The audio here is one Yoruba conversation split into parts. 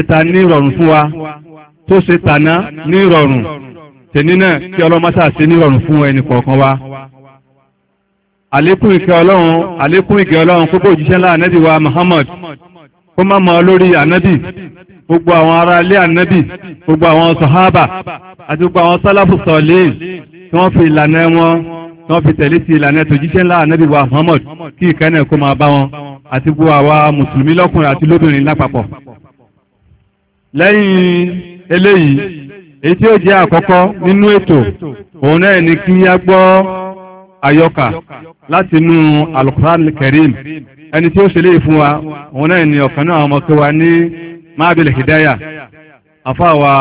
ẹta ní ìrọ̀rùn fún wa tó ṣe tàná ní ìrọ̀rùn tèní náà kí ọlọ́mọ́sà ṣe ní ìrọ̀rùn fún ẹnì kọ̀ọ̀kan wa àlékún ìkẹ́ ọlọ́run àlékún ìkẹ́ ọlọ́run kó bójúṣẹ́ ńlá ànábì wa Muhammad kó má mọ lórí ànábì gbogbo àwọn ará ilé ànábì gbogbo àwọn sàhábà àti gbogbo àwọn sálàfù sọ̀lẹ́ tí wọ́n fi ìlànà wọn tí wọ́n fi tẹ̀lé sí ìlànà tòjíṣẹ́ ńlá ànábì wa Muhammad kí ìkẹ́ náà kó máa bá wọn àti gbogbo àwa mùsùlùmí lọ́kùnrin àti lóbìnrin lápapọ̀ lẹ́yìn eléyìí èyí tí ó jẹ́ àkọ́kọ́ nínú ètò òun náà ni kí a gbọ́ àyọkà látinú alukuran karim ẹni tí ó ṣe léyìí fún wa òun náà ni ọ̀kan náà ọmọ kí wa ní mabil hidaya afáwa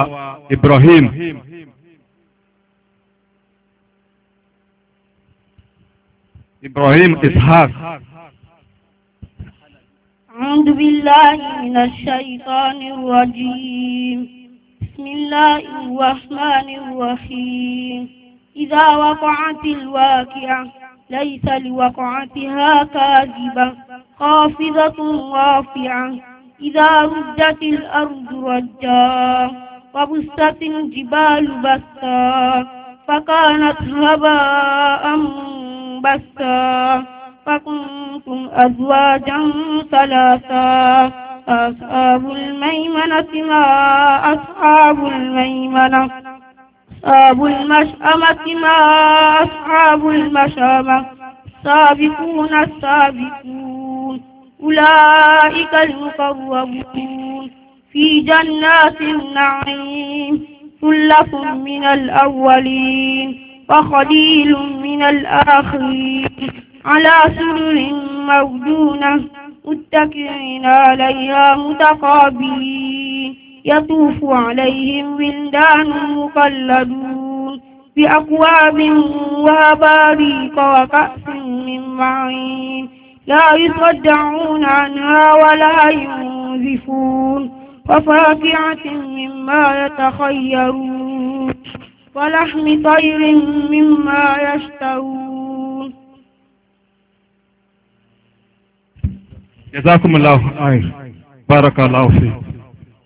ibrahim ibrahim ishaq. أعوذ بالله من الشيطان الرجيم بسم الله الرحمن الرحيم إذا وقعت الواقعة ليس لوقعتها كاذبة خافضة رافعة إذا رجت الأرض رجا وبست الجبال بسا فكانت هباء بسا فكنتم أزواجا ثلاثا أصحاب الميمنة ما أصحاب الميمنة أصحاب المشأمة ما أصحاب المشأمة السابقون السابقون أولئك المقربون في جنات النعيم ثلة من الأولين وخليل من الآخرين على سرر موجونة متكئين عليها متقابلين يطوف عليهم ولدان مقلدون بأكواب وأباريق وكأس من معين لا يصدعون عنها ولا ينزفون وفاكعة مما يتخيرون ولحم طير مما يشتهون jazakumullahu khairan barakallahu fi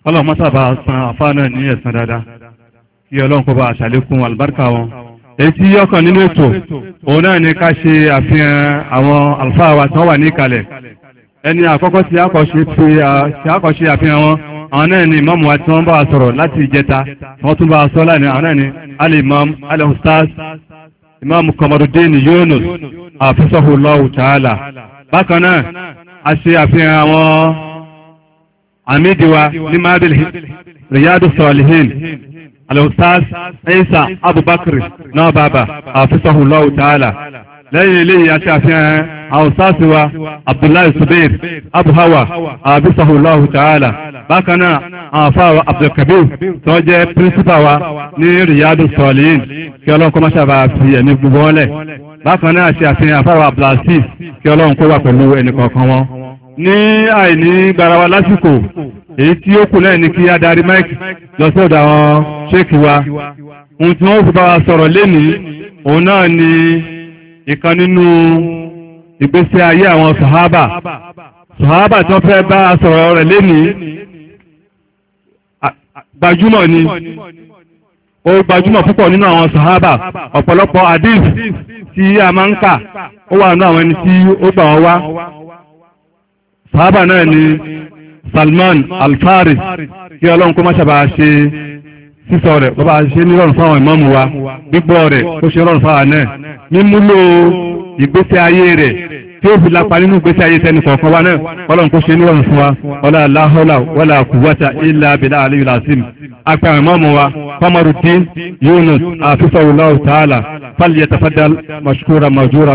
ọlọ́run mọ́sàbà san àfáà náà ní ẹ̀san dáadáa kí ọlọ́run kó bá àṣàlékún àlùbáríkà wọn èyí yọkàn nínú ètò òun náà ni ká ṣe àfihàn àwọn àlùfáà wa tí wọ́n wà ní ìkàlẹ̀ ẹni àkọ́kọ́ tí àkọ́ṣe àfihàn wọn àwọn náà ni ìmáàmù wa tí wọ́n bá sọ̀rọ̀ láti ìjẹta wọ́n tún bá sọ láàrin àwọn náà ni alimam alihustas imam Kamarudin Yunus àfisọ́hùn lọ́wọ́ tààlà bákan náà a ṣe àfihàn àwọn àmìdíwa ní marbil riyadu salihin alustaz isa abubakar náà bàbá àfisahullahu ta'ala lẹ́yìn eléyìí àti àfihàn àwòsáàsì wa abdullahi subair abuhawa àfisahullahu ta'ala bákan náà àfáàwà abdulkabir tó jẹ́ pírísípà wa ní riyadu salihin kí ọlọ́kọ́mọ́sàbà fi ẹ̀mí gbogbo wọn lẹ̀ bákan náà ṣe àfihàn àfáàwà abdulhasi kí ọlọ́run kó wà pẹ̀lú ẹnì kọ̀ọ̀kan wọn ní àìní gbarawa lásìkò èyí tí ó kù náà ni kí adarí mike lọ sọ́dọ̀ àwọn ṣéèkì wa ohun tí wọ́n fi bá wa sọ̀rọ̀ lénìí òun náà ni ìkan nínú ìgbésí ayé àwọn sàhábà sàhábà tí wọ́n fẹ́ bá a sọ̀rọ̀ rẹ̀ lénìí gbajúmọ̀ ni ó gbajúmọ̀ púpọ̀ nínú àwọn sàhábà ọ̀pọ̀lọpọ̀ hadith tí a máa ń kà ó wà nínú àwọn ẹni tí ó gbà wọ́n wá sàhábà náà ni Salman Al-Fari kí ọlọ́run kó má ṣàbà ṣe sísọ rẹ̀ kó bá ṣe nírọ̀rùn fáwọn ìmáàmù wa gbígbọ́ rẹ̀ kó ṣe rọ̀rùn fáwọn náà mímúlò ìgbésí ayé rẹ̀ tí ó fi lápa nínú ìgbésí ayé tẹni kọ̀ọ̀kan wa náà ọlọ́run kó ṣe nírọ̀rùn fún wa ọlá aláhọ́lá wọlá kùwọ́ta ilá abìlá aliyu lásìm apá ìmáàmù wa Kamaruddin Yunus àfisọ̀wòláwò tààlà fàlìyàtàfàdà mashkura majura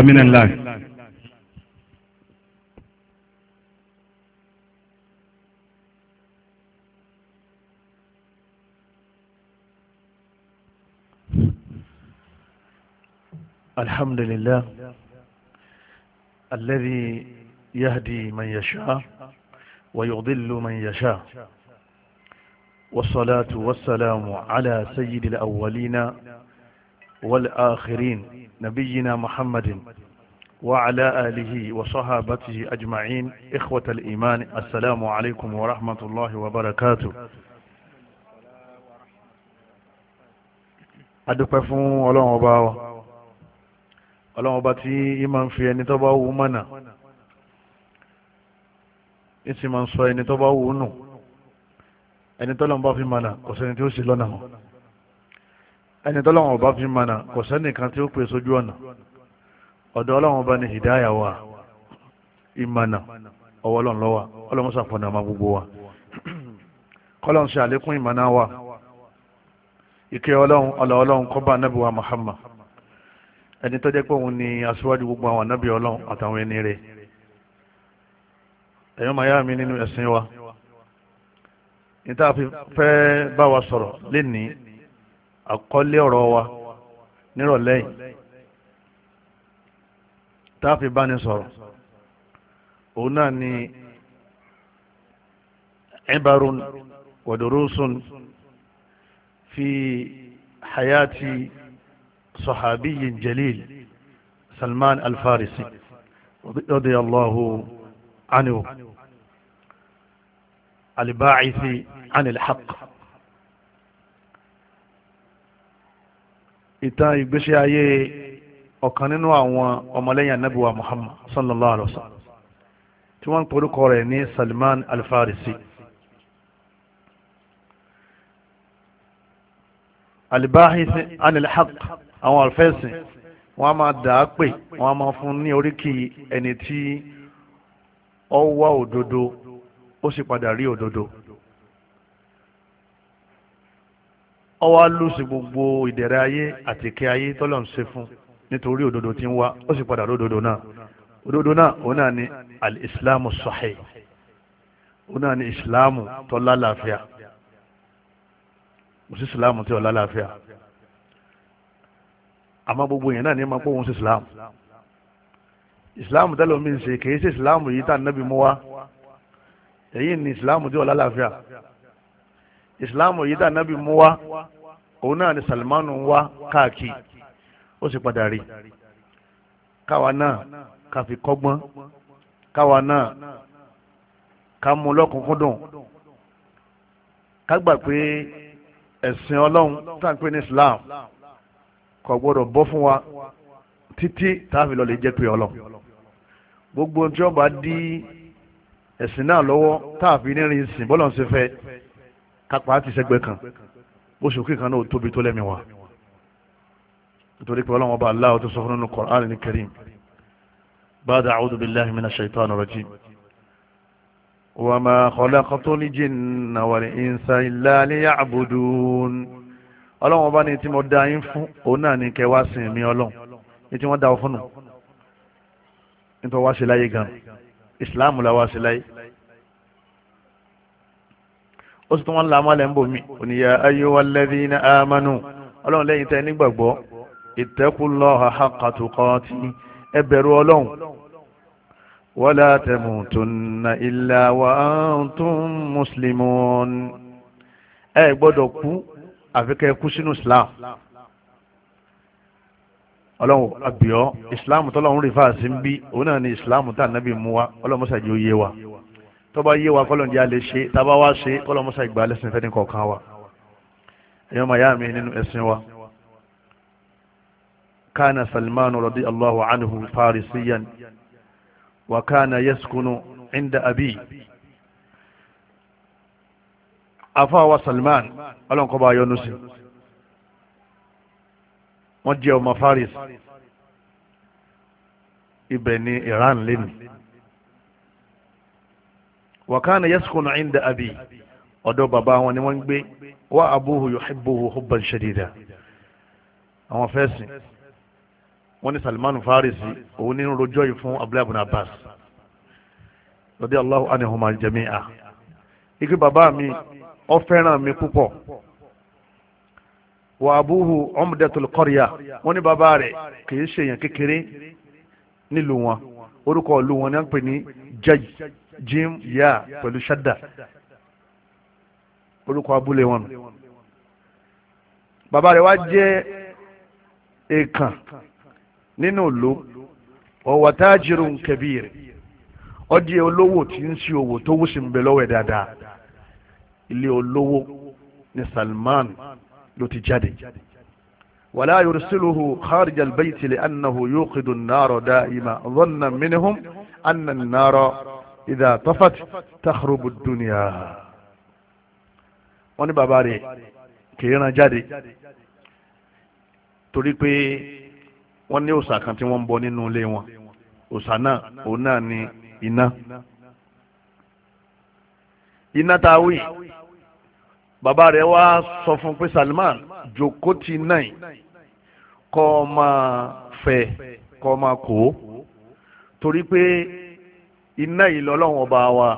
الحمد لله الذي يهدي من يشاء ويضل من يشاء والصلاة والسلام على سيد الأولين والآخرين نبينا محمد وعلى آله وصحابته أجمعين إخوة الإيمان السلام عليكم ورحمة الله وبركاته أدفع فون ولو ọlọ́run ọba tí í máa ń fi ẹni tó bá wù mọ́nà í sì máa ń sọ ẹni tó bá wù nù ẹni tọ́lọ́run bá fi mọ́nà kò sẹ́ni tí ó sì lọ́nà hàn ẹni tọ́lọ́run ọba fi mọ́nà kò sẹ́ni kan tí ó pè sójú ọ̀nà ọ̀dọ̀ ọlọ́run ọba ni hìdáyà wa ìmọ̀nà ọwọ́ ọlọ́run ló wà ọlọ́run sàfọ̀nà ọmọ gbogbo wa kọ́lọ́run ṣe àlékún ìmọ̀nà wa ìkẹ́ ọlọ́run ọlọ́ ọlọ́run kọ́bà anábìwá Muhammad ẹni tó jẹ́ pé òun ni aṣíwájú gbogbo àwọn ànábì ọlọ́run àtàwọn ẹni rẹ̀ ẹ̀yọ́ màá yá mi nínú ẹ̀sìn wa níta fi fẹ́ bá wa sọ̀rọ̀ lénìí àkọ́lé ọ̀rọ̀ wa nírọ̀lẹ́ yìí tá a fi bá ní sọ̀rọ̀ òun náà ni ibarun wa fi hayati. صحابي جليل سلمان الفارسي رضي الله عنه الباعث عن الحق ìtàn ìgbésí ayé ọ̀kan nínú àwọn ọmọlẹ́yìn anábìwá Muhammad sallallahu alaihi wa sallam tí wọ́n ń porúkọ rẹ̀ ní Salman al-Farisi. al alibahisi anilhaq àwọn alfẹ́sìn wọ́n a máa dà á pè wọ́n a máa fún ní oríkì ẹni tí ó wá òdodo ó sì padà rí òdodo ó wá lùsì gbogbo ìdẹ̀rẹ̀ ayé àti ìkẹ́ ayé tọ́lọ̀ ń ṣe fún nítorí òdodo tí ń wá ó sì padà ródodo náà òdodo náà òun náà ni alìsílámù sahih òun náà ni ìsìlámù tó lálàáfíà kò sí islam tí ọ̀la láàfíà àmọ́ gbogbo yẹn náà ní ma pọ́wọ́n sí islam islam tẹ́lẹ̀ omi ń ṣe kìí ṣe islam yìí tá nábì mú wá èyí ni islam tí ọ̀la láàfíà islam yìí tá nábì mú wá òun náà ni salmanu wá káàkiri ó sì padà rí káwa náà ká fi káwa náà ká mú lọ́kùnkúndùn ká gbà pé ẹ̀sìn ọlọ́run táǹpé ní islam kò gbọ́dọ̀ bọ́ fún wa títí táàfin lọ lè jẹ́ pé ọlọ́run gbogbo tí ó bá dí ẹ̀sìn náà lọ́wọ́ táàfin nírin ìsìn bọ́lọ̀ ń ṣe fẹ́ kápá ti sẹ́gbẹ́ kan oṣù kíkan náà tóbi tó lẹ́mi wa nítorí pé ọlọ́run ọba aláwọ̀ tó sọ fún nínú Qur'an ní Karim ba'da a'udhu billahi minash shaitanir rajim. وما خلقت الجن والإنس إلا ليعبدون ọlọ́run ọba ni tí mo dá yín fún òun náà ni kẹ wá sìn mí ọlọ́run ní tí wọ́n dá ọ fún nù nítorí wá sí láyé gan ìsìláàmù la wá sí láyé ó sì tún wọn làmú alẹ́ ń bò mí oníyà ayyuhal ladhina amanu ọlọ́run lẹ́yìn tẹ́ nígbàgbọ́ ittaqullaha haqqa tuqati ẹ bẹ̀rù ọlọ́run ولا تموتن إلا وأنتم مسلمون ẹ gbọ́dọ̀ kú àfi kẹ́ ẹ kú sínú islam ọlọ́run àbíọ́ islam tọ́lọ́run rí fáàsì ń bí òun náà ni islam tá ànábì mú wa ọlọ́mọṣà jẹ́ òye wa tọ́ba yé wa kọ́lọ́n jẹ́ alẹ́ ṣe tábà wá ṣe kọ́lọ́mọṣà ìgbà lẹ́sìn fẹ́ni kọ̀ọ̀kan wa ẹ̀yọ́ màyá mi nínú ẹ̀sìn wa. kana salman rọ̀dí allahu anhu farisiyan wakana yaskunu inda abi afáwa salman ọlọ́nkọba yọnusi wọ́n jẹ́ ọmọ faris ibẹ̀ ní iran lẹ́nu wakana yaskunu inda abi ọ̀dọ̀ bàbá wọn ni wọ́n ń gbé wa abúhu yuhibbuhu hubban shadida àwọn fẹ́sìn wọ́n ní Salman Farisi òun ní rojọ́ yìí fún Abdullahi ibn Abbas radiyallahu anhuma jami'a ike baba mi ó fẹ́ràn mi púpọ̀ wa abuhu umdatul qarya wọ́n ní bàbá rẹ̀ kìí ṣe èèyàn kékeré nílùú wọn orúkọ ìlú wọn ni wọ́n pè ní jayi jim ya pẹ̀lú shadda orúkọ abúlé wọn bàbá rẹ̀ wá jẹ́ èèkàn nínú ìlú ọ̀wà tájìrù kẹbìrì ọdí olówó tí ń ṣe òwò tó wù sí ń bẹ lọ́wọ́ dáadáa ilé olówó ní Salman ló ti jáde wàlá yorùsílùhù kharij albayti li annahu yuqidu an-nara da'ima dhanna minhum anna an-nara idha tafat takhrubu dunya wọ́n ní bàbá rẹ̀ kìí ran jáde torí pé wọ́n ní òòsà kan tí wọ́n ń bọ nínú ilé wọn òòsà náà òun náà ni iná iná tá a wí bàbá rẹ̀ wá sọ fún pé Salman jòkó ti náì kọ́ ọ máa fẹ́ kọ́ ọ máa kó torí pé iná yìí lọ́lọ́run ọba wa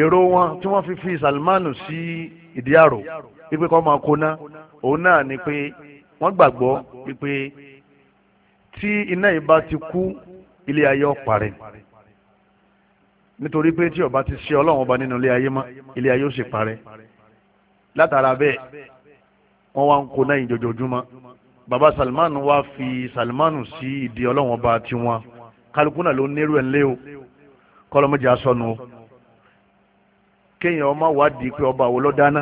èrò wọn tí wọ́n fi fi Salman sí ìdí àrò wípé kọ́ máa kóná òun náà ni pé wọ́n gbàgbọ́ wípé tí iná yìí bá ti kú ilé ayé ó parẹ́ nítorí pé tí ó bá ti ṣe ọlọ́run ọba nínú ilé ayé mọ́ ilé ayé ó sì parẹ́ látara bẹ́ẹ̀ wọ́n wá ń kó náà ìjọjọjúmọ́ baba Salman wá fi Salman sí ìdí ọlọ́run ọba tiwọn kálukú náà ló nírú ẹ̀ ńlẹ́ o kọ́lọ́mọ́jà sọnù o kéèyàn ọmọ wádìí pé ọba wo ló dáná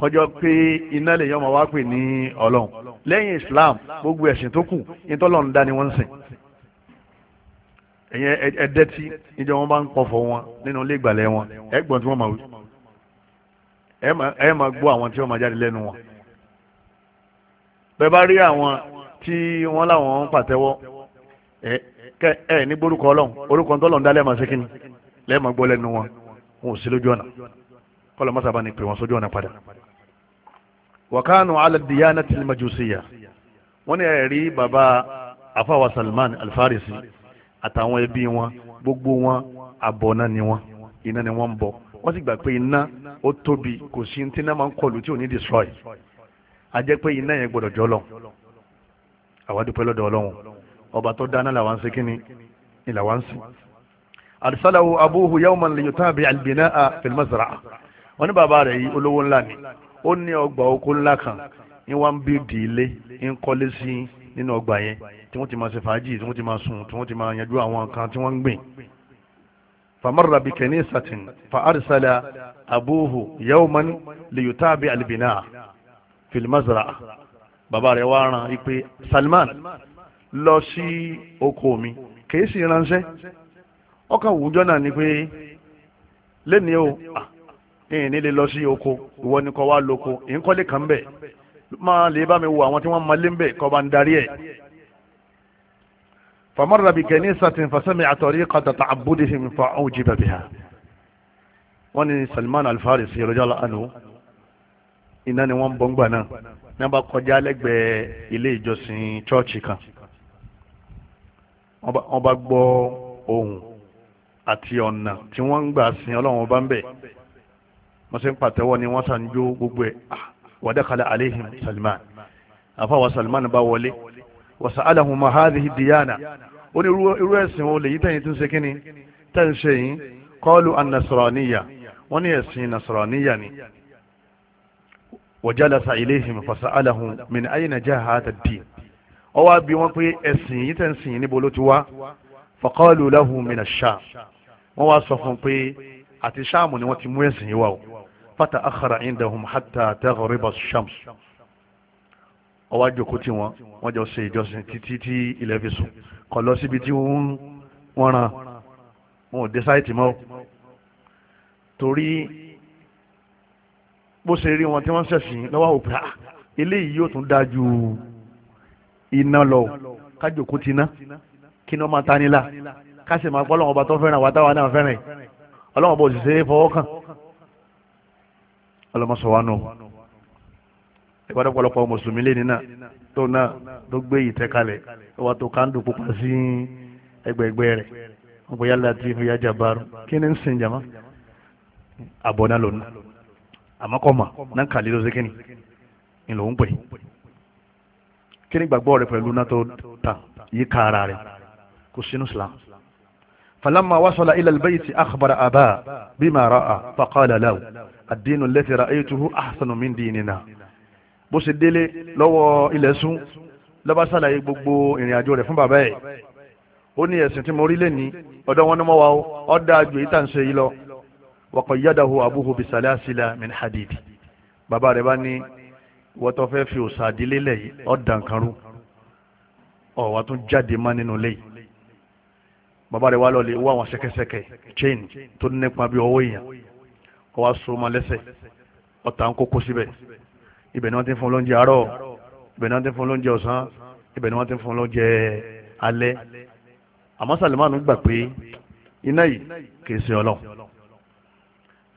kọjọ pé iná lè yọ ọmọ pè ní ọlọ́run lẹ́yìn islam gbogbo ẹ̀sìn tó kù ìtọ́lọ́run dá ni wọ́n ń sìn ẹ̀yẹ ẹ̀dẹ́tì níjọ wọn bá ń pọ̀fọ̀ wọn nínú ilé ìgbàlẹ̀ wọn ẹ̀gbọ́n tí wọ́n máa wí ẹ̀ máa gbọ́ àwọn tí wọ́n máa jáde lẹ́nu wọn. bẹ́ẹ̀ bá rí àwọn tí wọ́n láwọn ń pàtẹ́wọ́ ẹ̀ ẹ̀ ní gbórúkọ ọlọ́run orúkọ tọ́lọ́run dá lẹ́ẹ̀ma ṣe kíni lẹ́ẹ̀ma gbọ́ lẹ́nu wọn wọn ò sí lójú ọ̀nà kọ́lọ́ ni pè wọ́n sójú ọ̀nà padà. وكانوا على الديانة المجوسية. wọ́n بابا ẹ̀rí سلمان الفارسي salman alfarisi àtàwọn ẹbí wọn gbogbo wọn abọ́ná ni wọn iná ni wọ́n ń bọ wọ́n sì gbà pé iná ó tóbi kò sí ní tí iná máa ń kọlù tí ò ní destroy a jẹ́ pé iná yẹn gbọ́dọ̀ jọlọ àwa dúpẹ́ lọ́dọ̀ ọlọ́run ọba tó dáná làwa ń ṣe kínní ni làwa ń sìn arsalahu abuhu yawman liyutabi albinaa fil mazraa wọ́n ní bàbá rẹ̀ yìí olówó ńlá ni ó ní ọgbà oko ńlá kan ní wọ́n ń bíìdì ilé ń kọ́lé sí nínú ọgbà yẹn tí wọ́n ti máa ṣe fàájì tí wọ́n ti máa sùn tí wọ́n ti máa yanjú àwọn nǹkan tí wọ́n ń gbìn. bi kanisatin fa arsala abuhu yawman mazra ran ipe salman lo si oko mi kì í sì ránṣẹ́ ọkàn wùjọ́ náà ni pé lẹ́nìí o ah ìyìn nílé lọ sí oko ìwọ ni kò wá lóko ìyìn kọ́lé kan bẹ̀ máa lè bá mi wo àwọn tí wọ́n máa lé ń kọ́ bá ń darí ẹ̀. فمر بكنيسة فسمع طريقة تعبدهم فأعجب بها wọ́n ní Salman Al-Farisi radiyallahu anhu iná ni wọ́n bọ́ ń gbà náà náà bá kọjá lẹ́gbẹ̀ẹ́ ilé ìjọsìn chọ́ọ̀chì kan wọ́n bá gbọ́ ohùn àti ọ̀nà tí wọ́n ń gbà sin Ọlọ́run ọba ń bẹ̀ wọ́n sì ń pàtẹ́wọ́ ni wọ́n sàn jó gbogbo ẹ̀ ah, wàdákàlà aleihim salman àfàwà salman bá wọlé wàsà alahuma hadhihi diyana ó ní irú ẹ̀sìn wo lèyí tẹ̀yìn tí ń ṣe kíni tẹ̀ ń ṣe yìí kọ́ọ̀lù anasaraniya wọ́n ní ẹ̀sìn nasaraniya ni wàjálasa iléhìn fasa alahun min ayina jẹ́ hada di ọ wá bí wọ́n pé ẹ̀sìn yìí tẹ̀ ń sìn níbo ló ti wá faqalu lahu min ash wọ́n wá sọ fún pé àti ṣáàmù ni wọ́n ti mú ẹ̀sìn yìí wá o fata akhara indahum hatta taghriba shams ọwá jòkó tí wọn wọn jọ ṣe ìjọsìn títí tí ilẹ̀ fi sùn kọ lọ síbi tí wọ́n ràn wọn ò bó ṣe rí wọn tí wọ́n ṣẹ̀sìn lọ́wọ́ òpè à ah, eléyìí yóò tún dáa ju iná lọ kájòkó ti kí ni wọ́n máa ta nílà ká sì máa gbọ́ ọlọ́run ọba tó fẹ́ràn wa táwa náà fẹ́ràn ọlọ́run ọba òṣìṣẹ́ fọwọ́ kàn ọlọ́mọsọ̀wánú ìpàdépọ̀lọpọ̀ mùsùlùmí lé nínà tó náà tó gbé ìtẹ́kalẹ̀ ó wà tó kándù pupa sí ẹgbẹ̀ẹ̀gbẹ́ rẹ̀ wọ́n bóyá Latif ya Jabbar kí ni ń sin jama àbọ̀nà lòun àmọ́kọ́mà náà kàlí ló sékìnì ni lòun pè kí ni gbàgbọ́ rẹ̀ pẹ̀lú náà tó ta yí ká ara kò sínú Islam falamma wasala ila albayti akhbara aba bima faqala lahu àdínú lẹ́tẹ̀rà ayétuhu ahsanu min dinina bó ṣe délé lọ́wọ́ ilẹ̀ sún lọ́ba ṣàlàyé gbogbo ìrìn àjò rẹ̀ fún bàbá ẹ̀ ó ní ẹ̀sìn tí mo rí lé ní ọ̀dọ̀ wọn ni mo wà ó ọ́ dáa ju èyí tà ń ṣe yìí lọ wa qayyadahu abuhu bisalasila min hadid bàbá rẹ̀ bá ní wọ́tọ́ fẹ́ fi òòṣà àdílé lẹ̀ yìí ọ́ dànkanrú ọ̀ wà tún jáde má nínú lẹ́yìn bàbá rẹ̀ wá lọ lè wá àwọn ṣẹ̀kẹ̀ṣẹ̀kẹ̀ chain tó nípa bí ọwọ́ èèyàn kọ́ wá so ma lẹ́sẹ̀ ọ̀tá ń kókó síbẹ̀ ibẹ̀ ni wọ́n ti ń fún lóúnjẹ àárọ̀ ibẹ̀ ni wọ́n ti fún lóúnjẹ ọ̀sán ibẹ̀ ni wọ́n ti fún lóúnjẹ alẹ́ àmọ́ Salimanu gbà pé iná yìí kìí ṣe ọlọ́run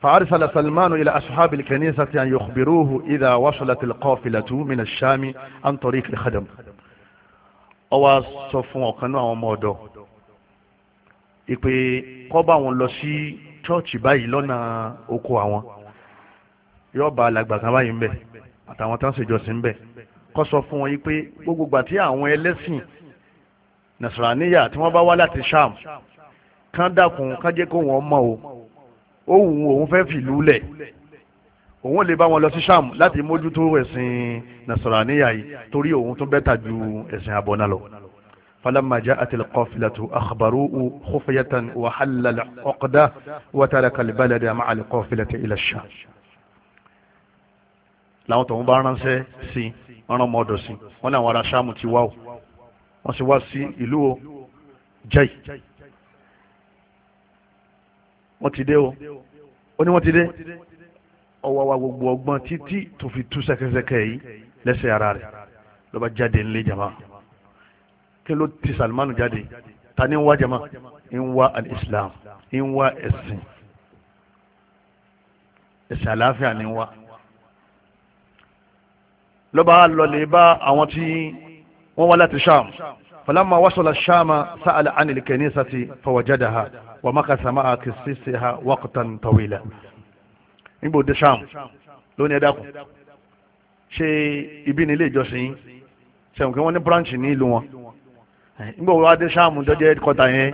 فأرسل سلمان إلى أصحاب الكنيسة أن يخبروه إذا وصلت القافلة من الشام عن طريق الخدم أو wá sọ مودو ọ̀kan náà àwọn chọ́ọ̀chì báyìí lọ́nà oko àwọn yóò bá alàgbà kan báyìí ń bẹ àtàwọn tó ń ṣèjọsìn ń bẹ kó sọ fún wọn yìí pé gbogbo ìgbà tí àwọn ẹlẹ́sìn nasaraniya tí wọ́n bá wá láti sham kán dákun kán jẹ́ kó wọ́n mọ̀ o ó wù òun fẹ́ fìlú lẹ̀ òun lè bá wọn lọ sí sham láti mójútó ẹ̀sìn nasaraniya yìí torí òun tún bẹ́tà ju ẹ̀sìn abọ́ná lọ. فلما جاءت القافلة أخبروه خفية وحل العقدة وترك البلد مع القافلة إلى الشام láwọn tó ń bá ránṣẹ́ sí ọ̀ràn mọ́dọ̀ sí wọ́n náà wọ́n ara ṣáàmù ti wá o wọ́n sì wá sí ìlú jai wọ́n ti dé o ó ní wọ́n ti dé ọwọ́ wa gbogbo ọgbọ́n títí tó fi tú sẹ́kẹ́sẹ́kẹ́ yìí lẹ́sẹ̀ ara rẹ̀ ló bá jáde ńlẹ̀ jàmáà kí ló ti Salmanu jáde ta ni ń wá jama ń wá al-Islam ń wá ẹ̀sìn ẹ̀sìn àlàáfíà ni ń wá lọ́ba lọ́lẹ̀ bá àwọn tí wọ́n wá láti Sham falamma wasala Shama sa'ala anil kanisati fawajadaha wa makasa ma'a kisisiha waqtan tawila nígbò dé Sham lónìí ẹ dákun ṣe ibi ní ilé ìjọsìn ṣe òkè wọn ní branch ní ìlú wọn nígbà wo wá sáàmù tó kọta yẹn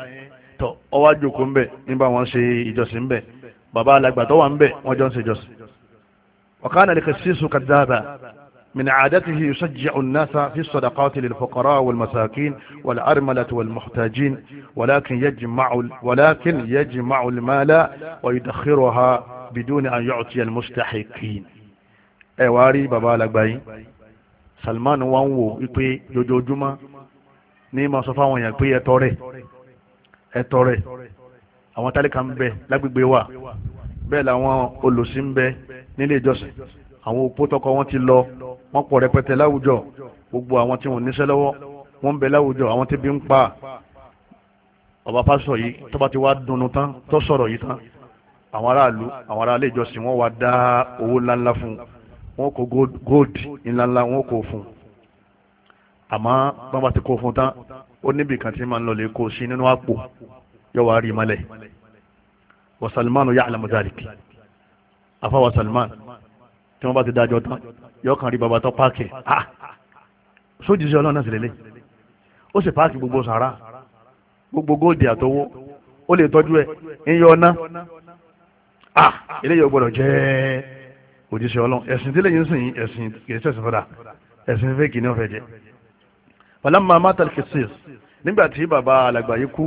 tọ ọwá jòkó ń bẹ̀ nígbà wọn ṣe ìjọsìn ń bẹ̀ bàbá alàgbà tó wà ń bẹ̀ wọ́n jọ ń ṣe ìjọsìn. ọ̀kan àlẹ́ kẹsíṣu kàdáàbà من عادته يشجع الناس في الصدقات للفقراء والمساكين والأرملة والمحتاجين ولكن يجمع ولكن يجمع المال ويدخرها بدون أن يعطي المستحقين ẹ wá rí bàbá alágbáyé Salman wá ń wò wípé jojoojúmọ́ ní ma sọ fáwọn èèyàn pé ẹtọ rẹ ẹtọ rẹ àwọn tálíkà ń bẹ lágbègbè wa bẹ́ẹ̀ làwọn olùsí ń bẹ nílé ìjọsìn àwọn opó tọkọ wọn ti lọ wọn pọ̀ rẹpẹtẹ láwùjọ gbogbo àwọn tí wọn níṣẹ́ lọ́wọ́ wọn ń bẹ láwùjọ àwọn tí bí ń pa ọba pásítọ̀ yìí tó ti wá dùnnú tán tó sọ̀rọ̀ yìí tán àwọn aráàlú àwọn aráàlú ìjọsìn wọn wá dá owó ńláńlá fún wọn kò góòdì ńláńlá wọn kò fún un àmọ́ bá bá ti kó fún tán ó níbi kan tí máa ń lọ lè kó sí nínú àpò yóò wá rí mọ́lẹ̀ wa Salmanu ya'lamu dhalik afa wa Salman tí wọ́n bá ti dájọ́ tán yóò kàn rí bàbá tó páàkì ah sójì sí ọlọ́run náà sì lélẹ̀ ó sì páàkì gbogbo sàrà gbogbo góòdì àtọwọ́ ó lè tọ́jú ẹ̀ ń yọ ọ́ná ah eléyìí ò gbọ́dọ̀ jẹ́ òjíṣẹ́ ọlọ́run ẹ̀sìn tí lẹ́yìn sìn ẹ̀sìn kìí ṣẹ̀sìn fọ́dà ẹ̀sìn fẹ́ẹ̀kì ní ọ̀fẹ́ jẹ́ falamma matal kisir nígbà tí bàbá alàgbà yìí kú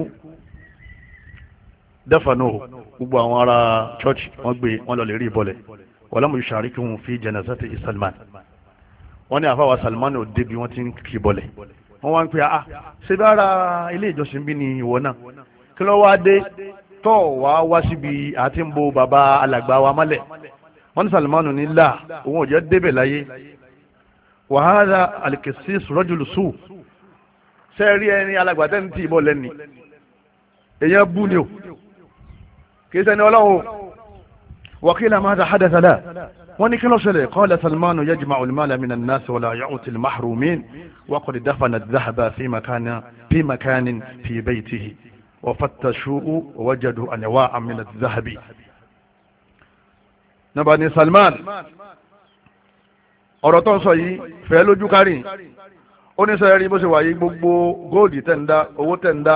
dafanu gbogbo àwọn ará church wọn gbé wọn lọ lè rí ìbọlẹ wàlámù yusharikum fi janazati salman wọn ní àfàwà salman ò débi wọn ti ń kí ìbọlẹ wọn wá ń pè á ṣe bí ara ilé ìjọsìn bí ni ìwọ náà kí ló wá dé tọ́ wá wá síbi àti ń bo bàbá alàgbà wa mọ́lẹ̀ wọn ní salman ní là òun ò jẹ́ débẹ̀ láyé wàhálà alikisi rọ́jùlùsù sẹ́ẹ̀rí ẹni alágbàtẹ́ ní ti ìbọn lẹ́ni èèyàn bú ni o kì í sẹ́ni ọlọ́run wàkílà máa dáhádà sálà wọ́n ní kí ló ṣẹlẹ̀ qala Salmanu yajma'u al-mala mina an-nas wa la yu'ti al-mahrumin wa qad dafana adh-dhahaba fi makanin fi makanin fi baytihi wa fattashuhu wa wajadu anwa'an min adh-dhahabi nabani Salman ọ̀rọ̀ tó ń sọ yìí fẹ́ lójú kárìn ó ní sẹ́yìn rí bó ṣe wáyé gbogbo góòdì tẹ̀ǹda owó tẹ̀ǹda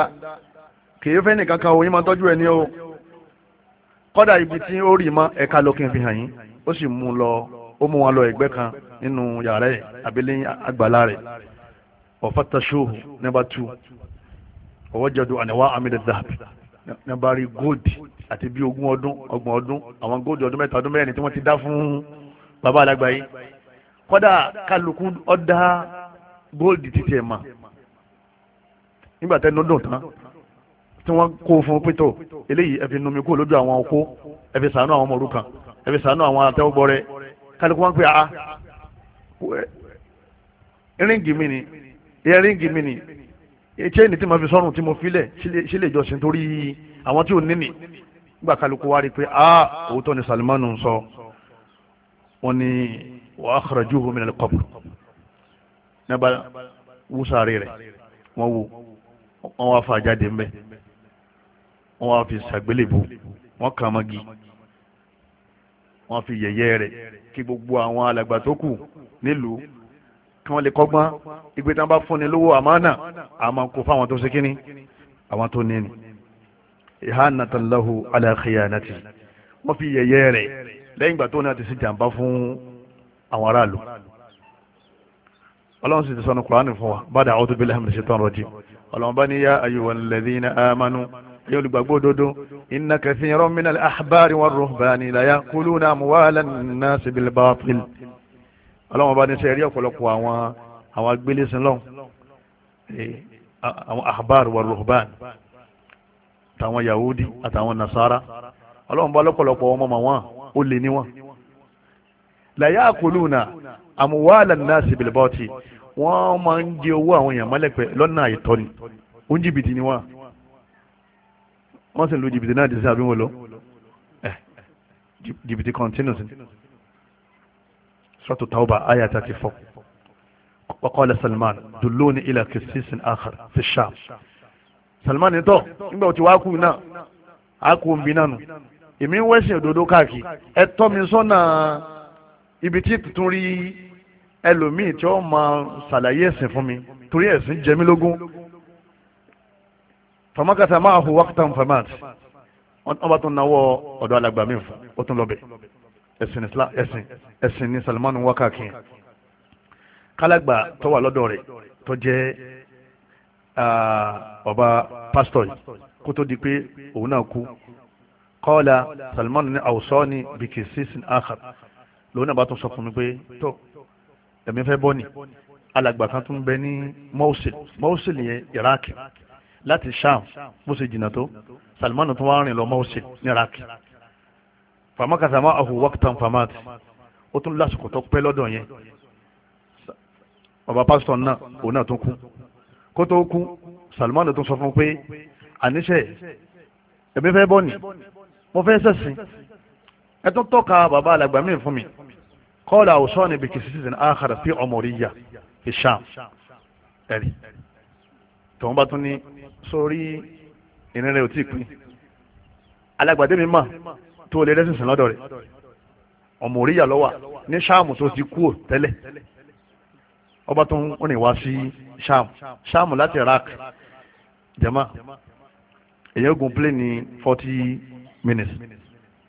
kìí fẹ́ nìkan kan òun yín máa tọ́jú ẹni o kọ́dà ibi tí ó rì mọ́ ẹ̀ka lókè fi hàn yín ó sì mú lọ ó mú wọn lọ ẹ̀gbẹ́ kan nínú yàrá ẹ̀ abílẹ̀ àgbàlá rẹ̀ ọ̀fà tashohu nẹ́bà tù ọwọ́ jẹ́dù àníwá amílẹ̀ zahabi nẹ́bà rí góòdì àti bí ogún ọdún ọgbọ̀n ọdún àwọn góòdì ọdún mẹ́ta ọdún mẹ́rin tí wọ́n ti dá fún bàbá alágbàáyé kọ́dà kálukú ọ̀dá góòdì títí ẹ̀ mà nígbà tẹ́ ló dùn tán tí wọ́n kó fún pétọ́ eléyìí ẹ fi numi kó lójú àwọn okó ẹ fi sànú àwọn ọmọ òrukàn ẹ fi sànú àwọn àtẹwọ́gbọ́ rẹ kálukú wọn pé a ah, ríngì mi ni ìyẹn ríngì mi ni chain tí mo fi sọ́run tí mo filẹ̀ sílé ìjọsìn torí àwọn tí ò ní nì nígbà kálukú wá rí pé a ah, òótọ́ ni Salmanu sọ wọn ni wàá kharajuhu min al-qabr ní abá wúsàárì rẹ̀ wọ́n wò wọ́n wá fa jáde ńbẹ́ wọ́n wá fi ṣàgbélébù wọ́n kàn mọ́gi wọ́n fi yẹ̀yẹ́ rẹ̀ kí gbogbo àwọn alàgbà tó kù nílùú kí wọ́n lè kọ́gbọ́n ìgbé tán bá fúnni lówó àmánà àmọ́ kò fáwọn tó ṣe kíní àwọn tó ní ni ihanatan lahu ala khiyanati wọ́n fi yẹ̀yẹ́ rẹ̀ lẹ́yìn ìgbà tó náà ti ṣe jàǹbá fún àwọn aráàlú ọlọ́run sì ti sọnù kùránì fún wa bàdà àwọn tó bí lẹ́hìn ṣe tán rọjí ọlọ́run bá ní yá ayuwal ladhina amanu yóò olùgbàgbọ́ òdodo inna kathiran minal ahbari war ruhbani la yaquluna amwalan nasi bil batil ọlọ́run bá ní sẹ́ rí ọ̀pọ̀lọpọ̀ àwọn àwọn agbélésin lọ́hùn àwọn ahbari war ruhbani àtàwọn yahudi àtàwọn nasara ọlọ́run bá lọ́pọ̀lọpọ̀ ọmọ màwọn ó lè níwọ̀n La ya kuluna náà sì bìlẹ̀ bọ́ọ̀tì wọ́n máa ń jẹ owó àwọn èèyàn mọ́lẹ̀pẹ̀ lọ́nà àìtọ́ ni ó ń jìbìtì ni wọ́n wọ́n sì lu jìbìtì náà dìísẹ́ àbí wọn lọ eh, jìbìtì continue sí sọ́tò tauba aya thirty four waqala salman dulluni ila kisisin akhar fi sham salman tọ́ nígbà tí wàá kú náà á kú omi náà nù èmi ń wẹ́sìn òdodo káàkiri ẹ tọ́ mi sọ́nà ibi tí tuntun rí ẹlòmíì tí ó máa ṣàlàyé ẹ̀sìn fún mi torí ẹ̀sìn jẹ mí lógún famakata máa hu wákàtà famat wọn bá tún náwó ọ̀dọ̀ alàgbà mi fún ó tún lọ́bẹ̀ ẹ̀sìn islam ẹ̀sìn ẹ̀sìn ní salimanu wákàkì kálàgbà tó wà lọ́dọ̀ rẹ̀ tó jẹ́ ọba pásítọ̀ yìí kó tó di pé òun náà kú kọ́ọ̀lá salimanu ní àwùsọ́ ní bìkì sísìn àkàtà lòun náà bá tún sọ fún mi pé tó ẹ̀mí fẹ́ bọ́ ni alàgbà kan tún bẹ ní Mosul Mosul yẹn Iraq láti Sham bó ṣe jìnnà tó Salman tún wá rìn lọ Mosul ní Iraq famakasama ahu wakitan famat ó tún lásìkò tó pẹ́ lọ́dọ̀ yẹn bàbá pásítọ̀ náà òun náà tún kú kó tó kú Salman tún sọ fún pé àníṣe ẹ̀mí fẹ́ bọ́ ni mo fẹ́ sẹ̀sìn ẹ tún tọ́ka bàbá alàgbà mi fún mi kọ́ọ̀lù àwùsọ́ ni bìkì sísè ní àkàrà fi ọmọríyà ìṣàm ẹ̀rí tòun bá tún ní sórí ìrìnrìn òtí ìpín alágbàdé mi mà tó lè rẹ́sìn sìn lọ́dọ̀ rẹ̀ ọmọríyà lọ́wà ní ṣáàmù tó ti kú tẹ́lẹ̀ ọba jama èyí ogun forty minutes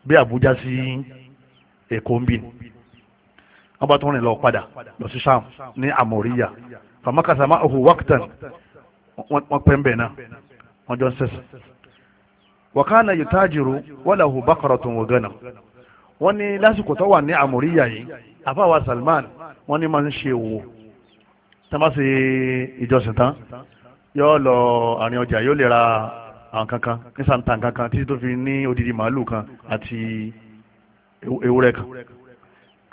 bí Abuja sí Èkó ń bì ní wọ́n bá tún rìn lọ padà lọ sí sam ní amoriya famakasa ma ohu wakitan wọ́n pẹ́ ń bẹ̀ náà wọ́n jọ ń sẹ́sẹ̀ wakana yutajiru wala hu baqaratun wa ganam wọ́n ní lásìkò tó wà ní amoriya yìí àfàwà salman wọ́n ní máa ń ṣe òwò tí wọ́n bá ṣe ìjọsìn tán yóò lọ àárín ọjà yóò lè ra àwọn kankan ní santa kankan títí tó fi ní odidi màálù kan àti ewúrẹ́ kan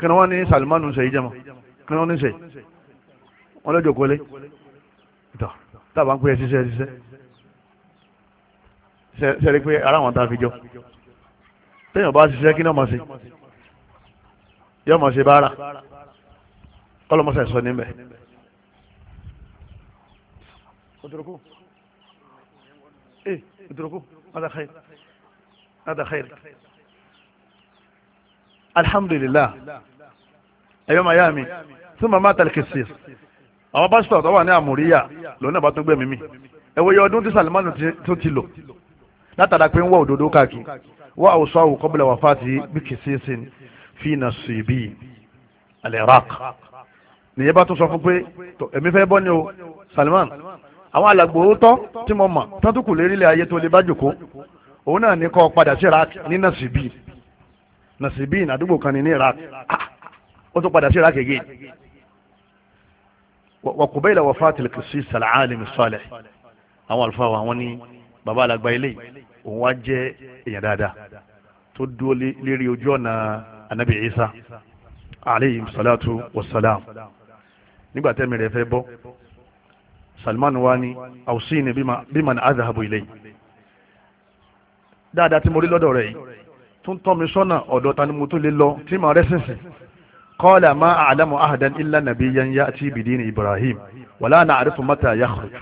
kíni wọ́n ní Salmanu ṣe yìí jẹ́mọ́ kíni wọ́n ní ṣe wọ́n lọ́jọ́ kọ́lé tọ́ tábà ń pè é ṣiṣẹ́ ṣiṣẹ́ ṣẹ́rí pé ara wọn ta fi jọ téèyàn bá ṣiṣẹ́ kí ni ọmọ ṣe yọ ọmọ ṣe bára kọ́lọ́mọṣẹ́ sọ níbẹ̀. اتركوه ايه اتركوه هذا خير هذا خير alhamdulillah ẹ̀yọ́ mayami tí màmá tàlẹ́kẹ̀sì àwọn pásítọ̀ tó wà ní àmúríyà lòun náà bá tó gbẹ̀mí mi ẹ̀wọ̀ yẹ ọdún tí salimanu tó ti lò látara pé ń wọ òdodo káàkiri wọ àwòsàn àwò kọ́bílẹ̀ wà fáti bí kìsì sí fi nà sí ibi alẹ́ iraq nìyẹn bá tún sọ fún pé èmi fẹ́ bọ́ ni o salimanu àwọn alàgbò tọ́ tí mo mọ̀ tán kù lérí ilẹ̀ ayé tó lè bá jòkó òun náà ní kọ́ padà sí iraq ní nà sí ibi nasibin àdúgbò kan ní iraq ó tún padà sí iraq again wàkùbẹ́lẹ̀ wafatil qissis al-alim as-salih àwọn àlùfáà wa wọ́n ní bàbá alàgbà ilé òun wá jẹ́ èèyàn dáadáa tó dúró lérí ojú ọ̀nà anabi isa aleyhi salatu wa salam nígbà tẹ́mi rẹ̀ fẹ́ bọ́ salman wa ni awsini bima na azahabu ilé dáadáa tí mo rí lọ́dọ̀ rẹ̀ yìí tó ń tọ́ mi sọ́nà ọ̀dọ̀ ta ni mo tó lè lọ tí ahadan rẹ́ sínsìn qala ma a'lamu ahadan bidini ibrahim wala na mata yakhruj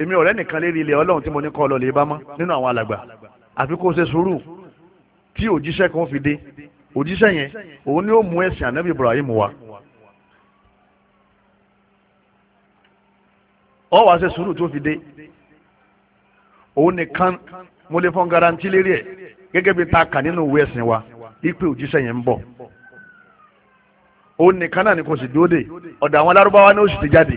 èmi ọ̀rẹ́ nìkan lérí ilẹ̀ ọlọ́run tí mo ní kọ́ lọ lè bá mọ́ nínú àwọn alàgbà àfi kó ṣe sùúrù tí òjíṣẹ́ kan fi dé òjíṣẹ́ yẹn òun ni ó mú ẹ̀sìn ànábì ibrahim wa ọ wá ṣe sùúrù tó fi dé òun nìkan mo lè fọ́n garanti lérí ẹ̀ gẹ́gẹ́ bí ta kà nínú ìwé ẹ̀sìn wa ipe òjíṣẹ́ yẹn ń bọ̀ òun nìkan náà ni kò sì dúró dè ọ̀dọ̀ àwọn alárúbáwá ni ó sì ti jáde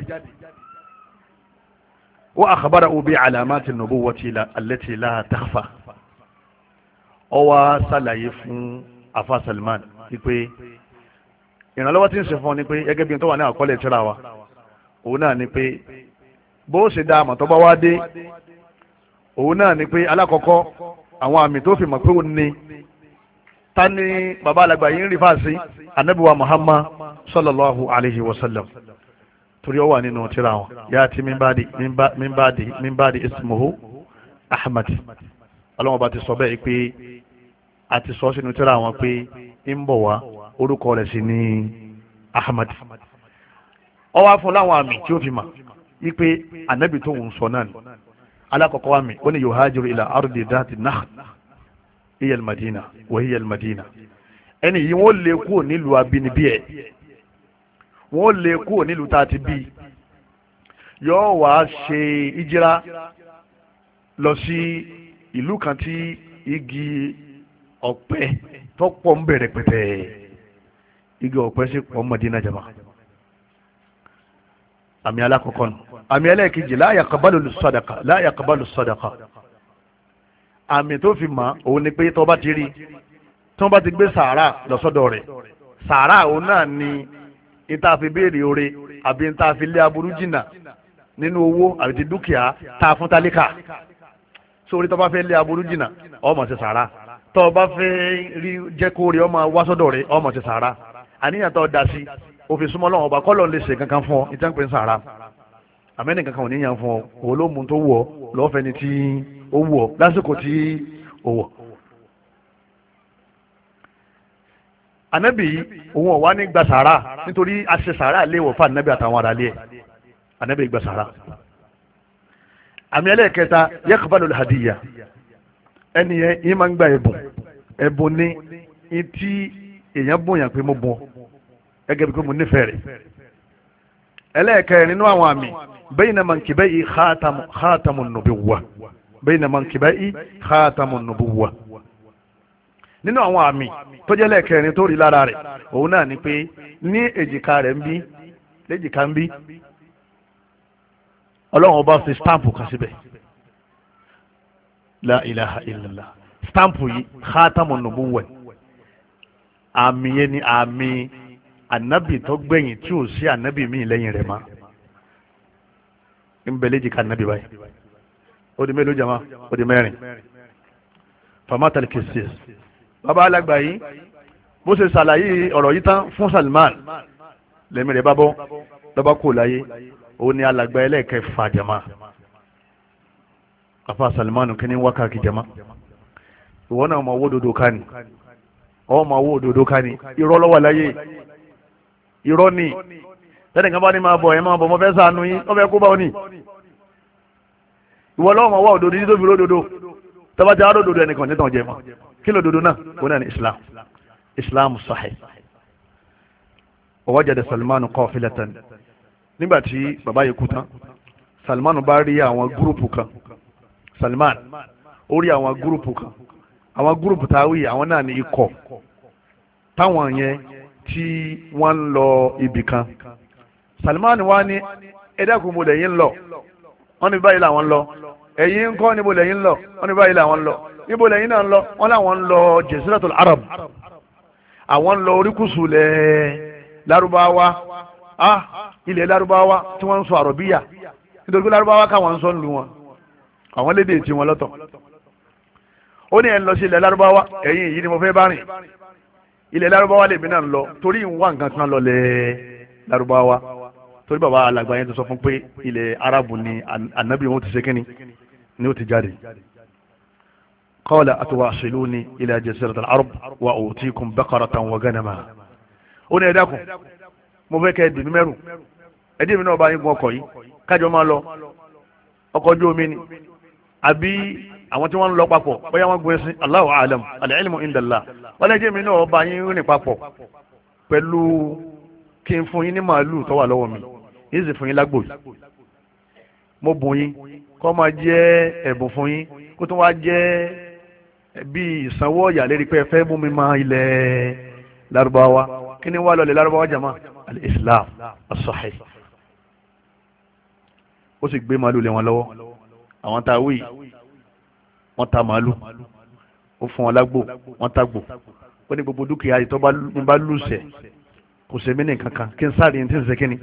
wa akhbara bi alamati nubuwati allati la takhfa ó wá ṣàlàyé fún afa Salman wípé ìrànlọ́wọ́ tí ń ṣe fún ọ ni pé gẹ́gẹ́ bí n tó wà ní àkọọ́lẹ̀ tíra wa òun náà ni pé bó ṣe dá àmọ̀ bá wá dé òun náà ni pé alákọ̀ọ́kọ́ àwọn àmì tó fi mọ̀ pé ó ní ta ni bàbá alàgbà yìí ń rí fáàsì anabiwa muhammad sallallahu alayhi wa sallam torí ó wà nínú tírà wọn yá ti mímbádi mímbádi mímbádi ismuhu ahmad ọlọ́wọ́n bá ti sọ bẹ́ẹ̀ pé a ti sọ sínú tírà wọn pé ń bọ̀ wá orúkọ rẹ̀ sí ní ahmad ó wá fún láwọn àmì tí ó fi mà wípé anabi tó ń sọ náà ni alákọ̀ọ́kọ́ àmì ó ní yohajiru ila ardi dati nakhd hiya almadina wa hiya almadina ẹni yìí wọ́n lè kúrò nílùú abínibí ẹ̀ wọ́n lè kúrò nílùú tá a ti bí yóò wá ṣe ìjìra lọ sí ìlú kan tí igi ọ̀pẹ tó pọ̀ ń bẹ̀rẹ̀ pẹ̀tẹ̀ igi ọ̀pẹ sì pọ̀ Madina jama àmì alákọ̀ọ́kọ́ nù àmì ẹlẹ́ẹ̀kejì la yaqbalu sadaqa la yaqbalu sadaqa àmì tó fi mọ̀ òun ni pé tó bá ti rí tó bá ti gbé sàárà lọ́sọ́dọ̀ rẹ̀ sàárà òun náà ni ìta fi béèrè oore àbí ìta fi lé aburú jìnnà nínú owó àbí ti dúkìá ta fún tálíkà sórí tó bá fẹ́ lé aburú jìnnà ó máa ṣe sàárà tó bá fẹ́ rí jẹ́ kó rí ó wá sọ́dọ̀ rẹ̀ ó máa sàárà àníyàn tó da sí òfin súnmọ́ ọba kọ́lọ́ lè ṣe kankan fún ọ ìtàn sàárà àmẹ́nìkankan ò níyàn fún ọ òun ló mú tó wù lọ́fẹ̀ẹ́ ni tí owó lásìkò tí owó. ànábì òun ọ̀wá ní gba sàrà nítorí àṣẹ sàrà léèwọ̀ fún ànábì àtàwọn aráalé ẹ̀ ànábì gba sàrà. àmì ẹlẹ́ẹ̀kẹta yaqbalu al-hadiyya ẹni yẹn yín máa ń gba ẹ̀bùn ẹ̀bùn ní tí èèyàn bùn pé mo bùn gẹ́gẹ́ bí pé mo nífẹ̀ẹ́ rẹ̀ ẹlẹ́ẹ̀kẹrin nínú àwọn àmì bayna mankibayhi khatamun nubuwwah bayna mankibai khatamun nubuwa nínú àwọn àmì tó jẹ́ lẹ́ẹ̀kẹrin tó rí lára rẹ̀ òun náà ni pé ní èjìká rẹ̀ ń bí léjìká ń bí ọlọ́run ọba fi stamp kan síbẹ̀ la ilaha illallah stamp yìí khatamun nubuwa àmì yẹn ni àmì ànábì tó gbẹ̀yìn tí ò sí ànábì míì lẹ́yìn rẹ̀ mọ́ ń bẹ léjìká ànábì báyìí ó di mélòó jama ó di mẹ́rin famatal kisses bàbá alàgbà yìí bó ṣe ṣàlàyé ọ̀rọ̀ yìí tán fún Salman lẹ́mí rẹ̀ bá bọ́ lọ́ba kò láyé òun ni alàgbà ẹlẹ́ẹ̀kẹfà jama afa Salman kìíní wákàkì jama ìwọ náà máa wó dodo ká ni ọ máa wó dodo ká ni irọ́ ló wà ni tẹ́nìkan bá ní máa bọ̀ ẹ̀ máa bọ̀ mọ́ fẹ́ sànú yín ọ fẹ́ kó bá ọ ni ìwọ lọ́wọ́ wá òdodo yìí tó fi ródodo tọ́ba ti ródodo ẹnìkan nítan jẹ mọ́ kí ló dodo náà ó náà ní islam islam sahih ọwọ́jáde salman qafilatan nígbà tí bàbá yìí kú tán salman bá rí àwọn gúrùpù kan salman ó rí àwọn gúrùpù kan àwọn gúrùpù táwí àwọn náà ní ikọ̀ táwọn yẹn tí wọ́n ń lọ ibì kan salman wá ní ẹ̀dá kùmùlẹ̀ yìí ń lọ wọ́n ní báyìí làwọn ń lọ ẹ̀yin ń kọ́ níbo lẹ́yìn ń lọ wọ́n ní báyìí làwọn ń lọ níbo lẹ́yìn náà ń lọ wọ́n láwọn ń lọ jaziratul arab àwọn ń lọ oríkùsù lẹ̀ lárúbáwá ah ilẹ̀ larubawa tí wọ́n ń sọ àrọ̀bíyà nítorí pé lárúbáwá káwọn ń sọ ń lu wọn àwọn lédè tí wọn lọ́tọ̀ ó ní ẹ̀ ń lọ sí ilẹ̀ lárúbáwá ẹ̀yin yìí ni mo fẹ́ bá rìn ilẹ̀ lárúbáwá lèmi náà ń lọ torí ìwọ̀n nǹkan lọ lẹ̀ lárúbáwá torí bàbá alàgbà yẹn tó sọ fún pé ilẹ̀ arabu ni anabi wọn ti ṣe kínní ni ó ti jáde qala atwasiluni ila jazirat al-arab wa utikum baqaratan wa ganama ó ní ẹ̀dá kù mo fẹ́ kẹ́ ẹ̀dùn mẹ́rù ẹ̀dí mi náà bá yín gun ọkọ̀ yìí kájọ máa lọ ọkọ̀ ojú omi ni àbí àwọn tí wọ́n ń lọ papọ̀ bóyá wọ́n gun ẹṣin Allahu a'lam al-ilmu indallah wọ́n mi náà bá yín rìn papọ̀ pẹ̀lú kí n fún yín ní màálù tó wà lọ́wọ́ mi yìí sì fún yín lágbo yìí mo bùn yín kó máa jẹ́ ẹ̀bùn fún yín kó tó wá jẹ́ bí ìsanwó ọ̀yà lérí pé ẹ fẹ́ mú mi máa ilẹ̀ Lárúbáwá kí ni wàá lọlẹ̀ Lárúbáwá jama al-Islam as-sahih ó sì gbé màálù lé wọn lọ́wọ́ àwọn tá a wí wọ́n ta màálù ó fún wọn lágbo wọ́n ta gbò ó ní gbogbo dúkìá yìí tó bá lùsẹ̀ kò sèmínì kankan kí n sáré ní tí ń sèkínni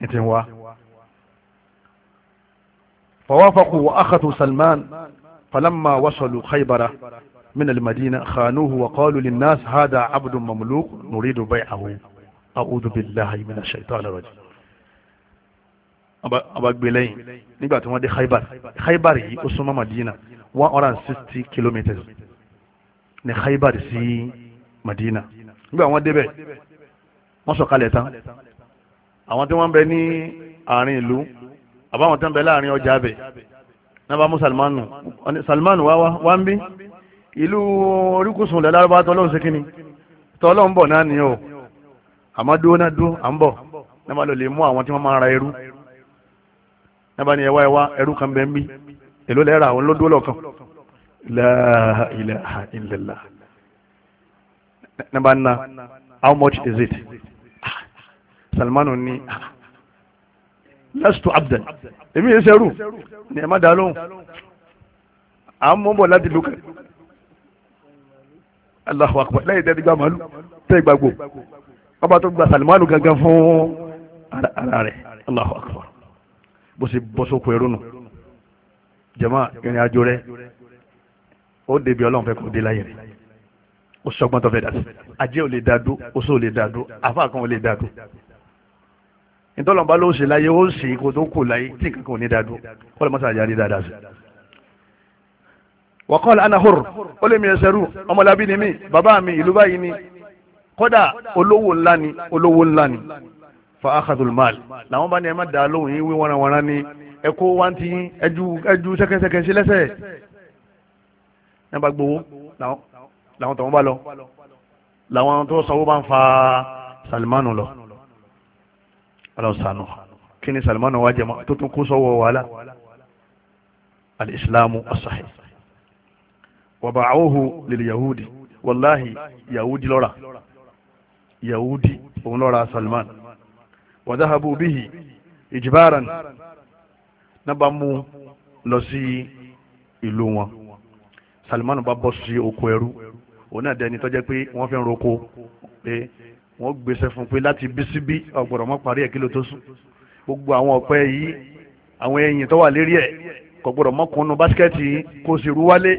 ní ti ń wá fọwọ́fọ́kù akhatu salman falamma wasalu khaybara min almadina khanuhu wa qalu linnas hada abdun mamluk nuridu bay'ahu a'udhu billahi minash shaitani rajim abagbelẹ́yìn nígbà tí wọ́n dé khaibar khaibar yìí ó súnmọ́ madina one hundred and sixty kilometres ní khaibar sí madina nígbà wọ́n débẹ̀ wọ́n sọ̀kalẹ̀ àwọn tí wọ́n bẹ ní àárín ìlú àbáwọn tí wọ́n bẹ láàrin ọjà abẹ nàbà mú Salmanu Salmanu wá wá wá ń bí ìlú oríkùsùn ilẹ̀ lárúbá tọ́lọ́hún ṣe kínni tọ́lọ́hún bọ̀ náà ni o àmọ́ dúró náà dúró à ń bọ̀ nàbà lò lè mú àwọn tí wọ́n máa ra ẹrú nàbà ni ẹwà ẹwà ẹrú kan bẹ ń bí èló lẹ́ra àwọn ló dúró lọ́kàn la ilaha illallah nàbà nà how much is it. Salmanu ní lastu abdan èmi yẹn sẹ́rù ní ẹ̀ má dá lóhùn à ń mú bọ̀ láti lókè Allahu akbar lẹ́yìn tẹ́tí gba màálù tẹ́ gbàgbó ọba tó gba Salmanu gangan fún ara rẹ̀ Allahu akbar bó ṣe bọ́ sóko ẹrú nù jama ìrìn àjò rẹ̀ ó débi ọlọ́run fẹ́ kó dé láyé rẹ̀ ó sọgbọ́n tó fẹ́ dà sí ajé ò lè dá dó oṣó ò lè dá kan ò lè dá dó ìtọ́lọ̀mbá ló ṣe láyé ó sì kò tó kù láyé tí nǹkan kò ní dádú kọ́lọ̀ mọ́sá àjá ní dáadáa sí wọ́kọ́lá anahor ó lè mi ẹsẹ̀ rú ọmọlábí ni mí bàbá mi ìlú báyìí ni kódà olówó ńlá ni olówó ńlá ni fa akhadul mal làwọn bá ní ẹ má dà lóhùn yín wí wọ́nranwọ́nran ni ẹ kó wá ti yín ẹjú sẹ́kẹsẹ́kẹ sí lẹ́sẹ̀ ẹ bá gbowó làwọn tọ̀wọ́n bá lọ làwọn tó sanwó bá ń fa Salmanu lọ aláwọ̀sánù kí ni Salmanu wá jẹmọ́ tó tún kó sọ́wọ́ wàhálà alìsìláàmù as-sahih wàbàáhù lil yahudi wàláhì yahudi lọ́ra yahudi òun lọ́ra Salman wàdáhàbù bíhì ìjìbáran náà mú lọ sí ìlú wọn Salman bá bọ́ sí oko ẹrú òun dẹni tọ́jẹ́ pé wọ́n fi ń roko pé wọ́n gbèsè fún pé láti bí síbí ọ̀gbọ̀dọ̀ mọ́ parí ẹ̀ kí ló tó sùn gbogbo àwọn ọ̀pẹ yìí àwọn ẹ̀yìn tó wà lérí ẹ̀ kò gbọ́dọ̀ mọ́kànnù báskẹ́ẹ̀tì kò sì rú wálé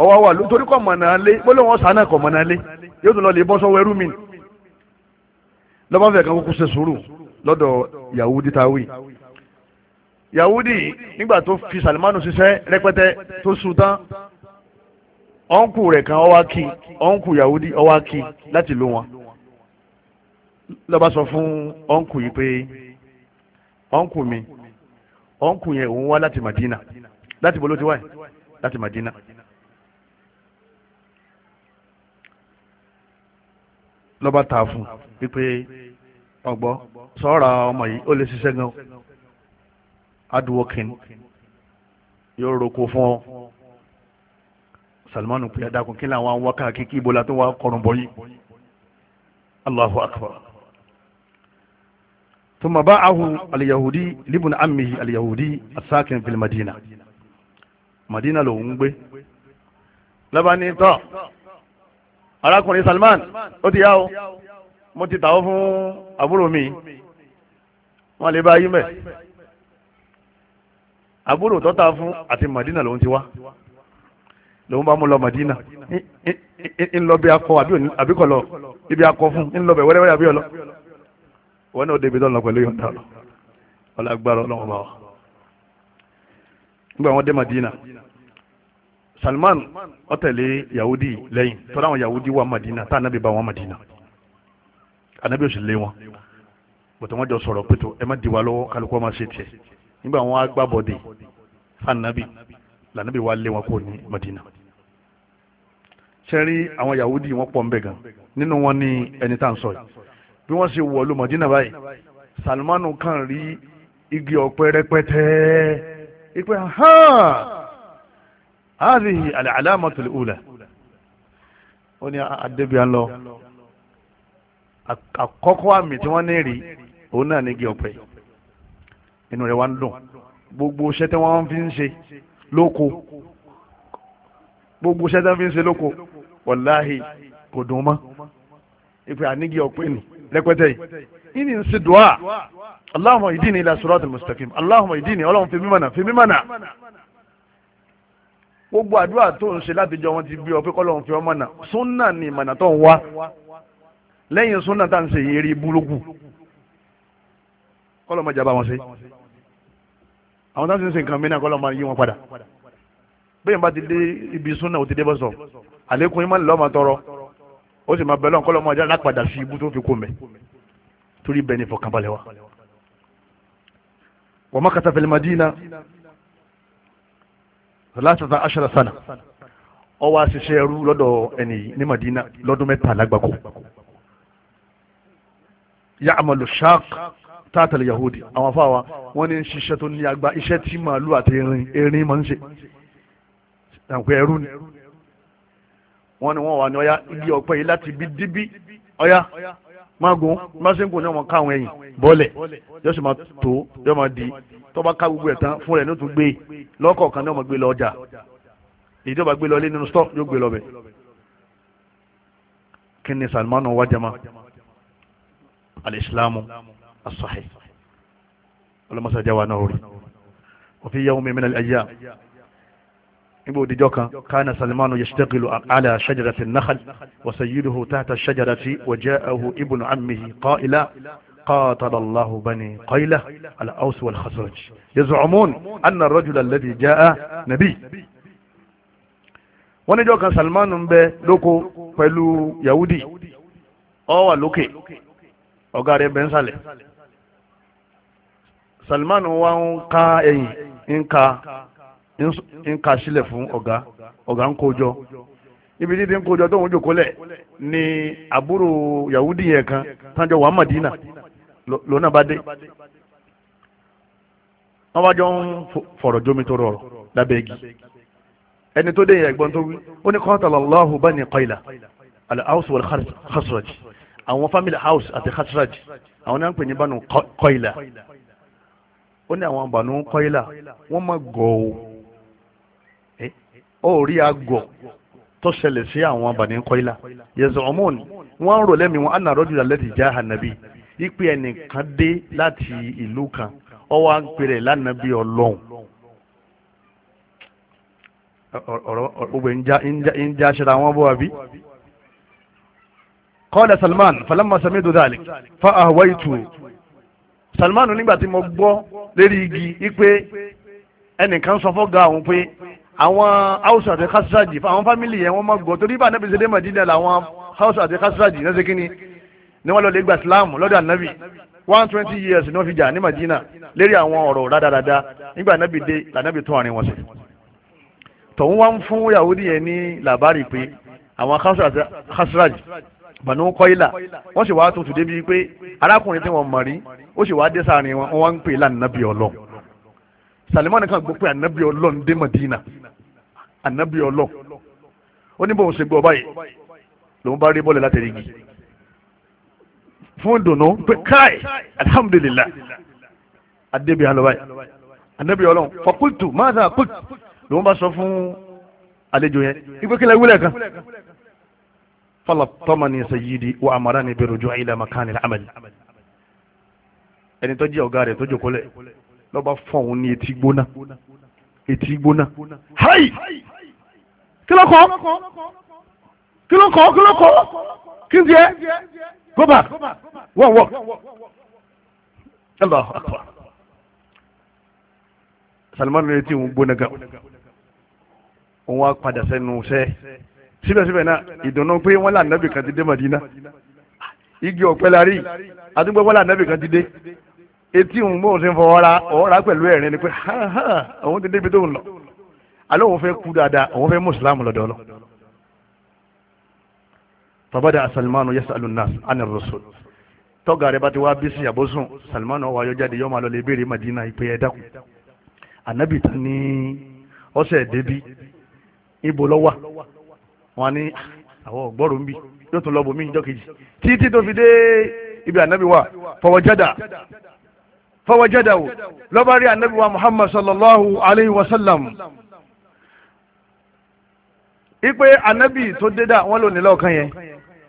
ọwọ́ wà lórí kọ̀ mọ̀nà lé gbólóhùn ọ̀sán náà kọ̀ mọ̀nà lé yóò tún lọ lè bọ́ sọ́wọ́ ẹrú mi lọ́bàá fẹ̀ kan kúkú ṣe sùúrù lọ́dọ̀ Yahudi tawi Yahudi nígbà tó fi Salimanu ṣiṣẹ́ rẹpẹtẹ tó sùn tán ọ̀nkù rẹ̀ kan ọwá kí ọ̀nkù yahudi ọwá kí láti ló wọn lọ́ba sọ fún ọ̀nkù yìí pé ọ̀nkù mi ọ̀nkù yẹn òun wá láti Madina láti bolo ti wáyé láti Madina. lọ́ba ta fún wípé ọ̀gbọ́ sọ́ra ọmọ yìí ó lè ṣiṣẹ́ gan-an hard yóò roko fún ọ Salmanu pé adákun kí làwọn àwọn wákà kíkí ibo la tó wá kọrùn bọ́ yìí Allahu akbar tuma bá ahu aliyahudi libun amihi aliyahudi asakin fil madina madina ló ń gbé labani tọ arákùnrin Salman ó ti yá o mo ti tà ó fún àbúrò mi wọn lè bá yí mẹ àbúrò tó ta fún àti madina ló ń ti wá lòun bá mú lọ Madina ń lọ bí akọ àbíkọ lọ ibi akọ fún ń lọ bẹ wẹ́rẹ́wẹ́rẹ́ àbí ọlọ wọn náà débi lọ́nà pẹ̀lú yọ̀ǹda lọ ọlágbára ọlọ́run bá wa nígbà wọn dé Madina Salman ó tẹ̀lé Yahudi lẹ́yìn tọ́lá àwọn Yahudi wà Madina tá ànábì bá wọn Madina ànábì ò sì lé wọn bọ̀tọ̀ wọn jọ sọ̀rọ̀ pẹ̀tọ̀ ẹ má di wa lọ́wọ́ kálukú ọmọ ṣe tiẹ̀ nígbà wọn á gbá bọ̀dẹ̀ fún wa lé wọn kò ní Madina sẹ́rí àwọn Yahudi wọ́n pọ̀ nbẹ̀ gan nínú wọn ni ẹni tá à ń sọ yìí bí wọ́n ṣe wọ̀ lomọ̀dínà báyìí Salmanu kan rí igi ọ̀pẹ rẹpẹtẹ ipe hàn hadhihi al-alamatul ula ó ní adébíyà ń lọ àkọ́kọ́ àmì tí wọ́n ní rí òun náà ní igi ọ̀pẹ inú rẹ̀ wá ń dùn gbogbo iṣẹ́ tí wọ́n fi ń ṣe lóko gbogbo iṣẹ́ tí wọ́n fi ń ṣe lóko wàláhì kò dùn mọ́ ìpè ànígi ọ̀pẹ nì lẹ́pẹ́tẹ́ yìí ìní ń ṣe dùá Allahumma idini ila siratil mustaqim Allahumma idini ọlọ́run fi mímọ̀nà fi mímọ̀nà gbogbo àdúrà tó ń ṣe látijọ́ wọn ti bí ọ pé kọ́lọ́run fi ọmọ nà súnà ni ìmọ̀nà tó ń wá lẹ́yìn súnà tá à ń ṣe yìí rí burúkú kọ́lọ́ mọ̀ jábá wọn ṣe àwọn táwọn ti ń ṣe nǹkan mìíràn kọ́lọ́ mọ̀ yí wọn padà bẹ́ẹ̀ bá ti dé ibi súnà ó ti dé bọ́ sọ àlékún yín má lọ́ọ́ máa tọrọ ó sì máa bẹ̀rẹ̀ ọ̀kọ́lọ́ ọmọdé alápàdà sí ibú tó fi kó mẹ́ torí bẹ́ẹ̀ ni fọkànbalẹ̀ wa. wọ́n má kàtà fẹ́lẹ́ madina látàtà aṣara sana ọ wá ṣiṣẹ́ ẹrú lọ́dọ̀ ẹni ní madina lọ́dún mẹ́ta lágbàkó ya amalu shaq tátàlì yahudi àwọn afáwa wọ́n ní ṣiṣẹ́ tó ní agba iṣẹ́ tí màálù àti erin erin máa ń ṣe tàǹkù ẹrú ni wọ́n ní wọ́n wà ní ọ̀yá igi ọ̀pẹ yìí láti bí díbí ọ̀yá magun masengun náà wọ́n ká àwọn ẹ̀yìn bọ́ọ̀lẹ̀ yóò sì máa tó yóò máa di tó bá ká gbogbo ẹ̀ tán fún rẹ̀ ní o tún gbé lọ́kọ̀ọ̀kan náà máa gbé lọ ọjà èyí tó bá gbé lọ ilé nínú stọ́ọ̀ yóò gbé lọ bẹ̀. kí ni salmanu wájàmá alislamu asahi ọlọmọsàjáwa náà rí òfin yahoo mímínà ayé níbo òdìjọ́ kan kánà salimanu yashtagilu ala shajarati nakhal wa sayyiduhu tahta shajarati wa ja'ahu ibnu ammihi qa'ila قاتل الله بني قيلة الأوس والخزرج يزعمون أن الرجل الذي جاء نبي wọ́n níjọ́ kan Salman ń bẹ lóko pẹ̀lú Yahudi ó wà lókè ọ̀gá rẹ̀ bẹ́ ń sàlẹ̀ Salman wá ń ká ẹ̀yìn ń ka ń ka sílẹ̀ fún ọ̀gá ọ̀gá ń kójọ ibi títí ń kójọ tóun jòkólẹ̀ ni àbúrò yahudi yẹn kan tánjọ wà Madina lọ́nà bá dé wọ́n bá jọ ń fọ̀rọ̀ jómi tó rọrọ̀ lábẹ́ igi ẹni tó dé yẹn ẹ̀gbọ́n tó wí ó ní qatalallahu bani Qayla al-Aws wal Khazraj àwọn family house àti Khazraj àwọn náà ń pè ní banu Qayla ó ní àwọn banu Qayla wọ́n máa gọ̀ọ́ ó rí agọ̀ tó ṣẹlẹ̀ sí àwọn Bani Qoila yẹsẹ̀ ọmọ́ọ̀nì wọ́n rò lẹ́mìí wọn àná rọ́jùlá lẹ́tì já ànábì ipe ẹnìkan dé láti ìlú kan ọwọ́ à ń pèrè lánàbí ọlọ́run ọ̀rọ̀ ń já ṣẹlẹ̀ àwọn bó wa bí. qala Salman falama sami'tu dhalik fa ahwaytu Salman nígbà tí mo gbọ́ lérí igi ipe ẹnìkan sọ fọ́gà àwọn pé àwọn house àti kásíráàjì àwọn fámìlì yẹn wọ́n máa gbọ́ torí bá anábì sẹ́dẹ̀ màdínà làwọn house àti kásíráàjì náà ṣe kí ni ni wọ́n lọ lè gba islam lọ́dọ̀ anábì one twenty years ni wọ́n fi jà ní màdínà lérí àwọn ọ̀rọ̀ rádaràda nígbà anábì dé lànàbì tó àárín wọn sí. tọ̀hún wá ń fún yahudi yẹn ní làbárì pé àwọn kásíráàjì bànú kọ́ílà wọ́n sì wá tuntun débi pé arákùnrin tí wọ́n mọ̀ rí ó sì wá dé sáàrin wọn wọ́n wá ń pè lánàbì ọlọ́ Salimani kan gbọ́ pé ànábì ọlọ́run dé Madina ànábì ọlọ́ ó ní bóun ṣe gbọ́ báyìí lòun bá rí bọ́ọ̀lù látẹ̀rí igi fún ìdùnnú pé káì alhamdulillah adébí alọ́báyì ànábì ọlọ́run fakultu máza kult lòun bá sọ fún àlejò yẹn ìgbé kílẹ̀ wílẹ̀ kan falattamani sayyidi wa amarani bi ruju'i ila makani al-amal ẹni tó jẹ́ ọ̀gá rẹ̀ tó jòkó lẹ̀ lọ́ba fọ̀hún ní etí gbóná etí gbóná kí ló kọ́ kí ló kọ́ kí ló kọ́ kí n jẹ́ go back wọ́n wọ́n Allahu akbar Salman retí òun gbóná gan òun wá padà sẹ́nu sẹ́ síbẹ̀síbẹ̀ náà ìdùnnú pé wọ́n là nábì kan ti dé Madina igi ọ̀pẹ la rí àdúgbò wọ́n là nábì kan ti dé etí òun bóun ṣe ń fọ ọ́ra ọ̀ọ́ra pẹ̀lú ẹ̀rín ni pé ha ha òun ti débi tóun lọ alẹ́ òun fẹ́ kú dáadáa òun fẹ́ mùsùlùmí lọ́dọ̀ lọ. fabada salmanu yasalu nas ani rasul tọ́gà rẹ̀ bá ti wá bísí àbósùn salmanu wà yọjáde yọ́ọ́ máa lọ lè béèrè madina ìpè ẹ̀ dákun anabi ta ni ọ̀sẹ̀ débi ibo lọ́wà wọn ni ah, àwọn ọ̀gbọ́rùn bí yóò tún lọ́bù mí ìjọ kejì títí tó fi dé ibi anabi wa fọwọ́jádà fọwọ́jádà o lọ́ba anabi wa muhammad sallallahu alayhi wa ipe anabi tó dédà wọn lò nílò ọkàn yẹn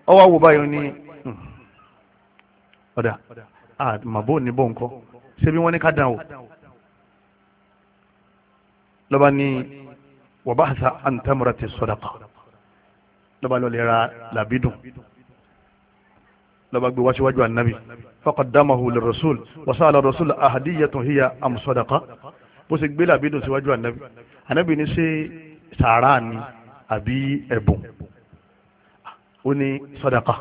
ọwọ́ àwò báyọ̀ ní hmm. ọ̀dà àmàbò níbò ńkọ́ ṣebí wọ́n ní ká dàn o lọ́ba ní wọ́n bá àṣà àǹtẹ̀mọ́ra ti sọ́dàpà lọ́ba lọ́ọ́ lè ra làbídùn lọ́ba gbé wáṣíwájú ànábì faqaddamahu lirrasul wa sa'ala rasul ahadiyatun hiya am sadaqa bó ṣe gbé làbídùn síwájú ànábì ànábì ní ṣe sàárà ni àbí ẹ̀bùn ó ní sàdákà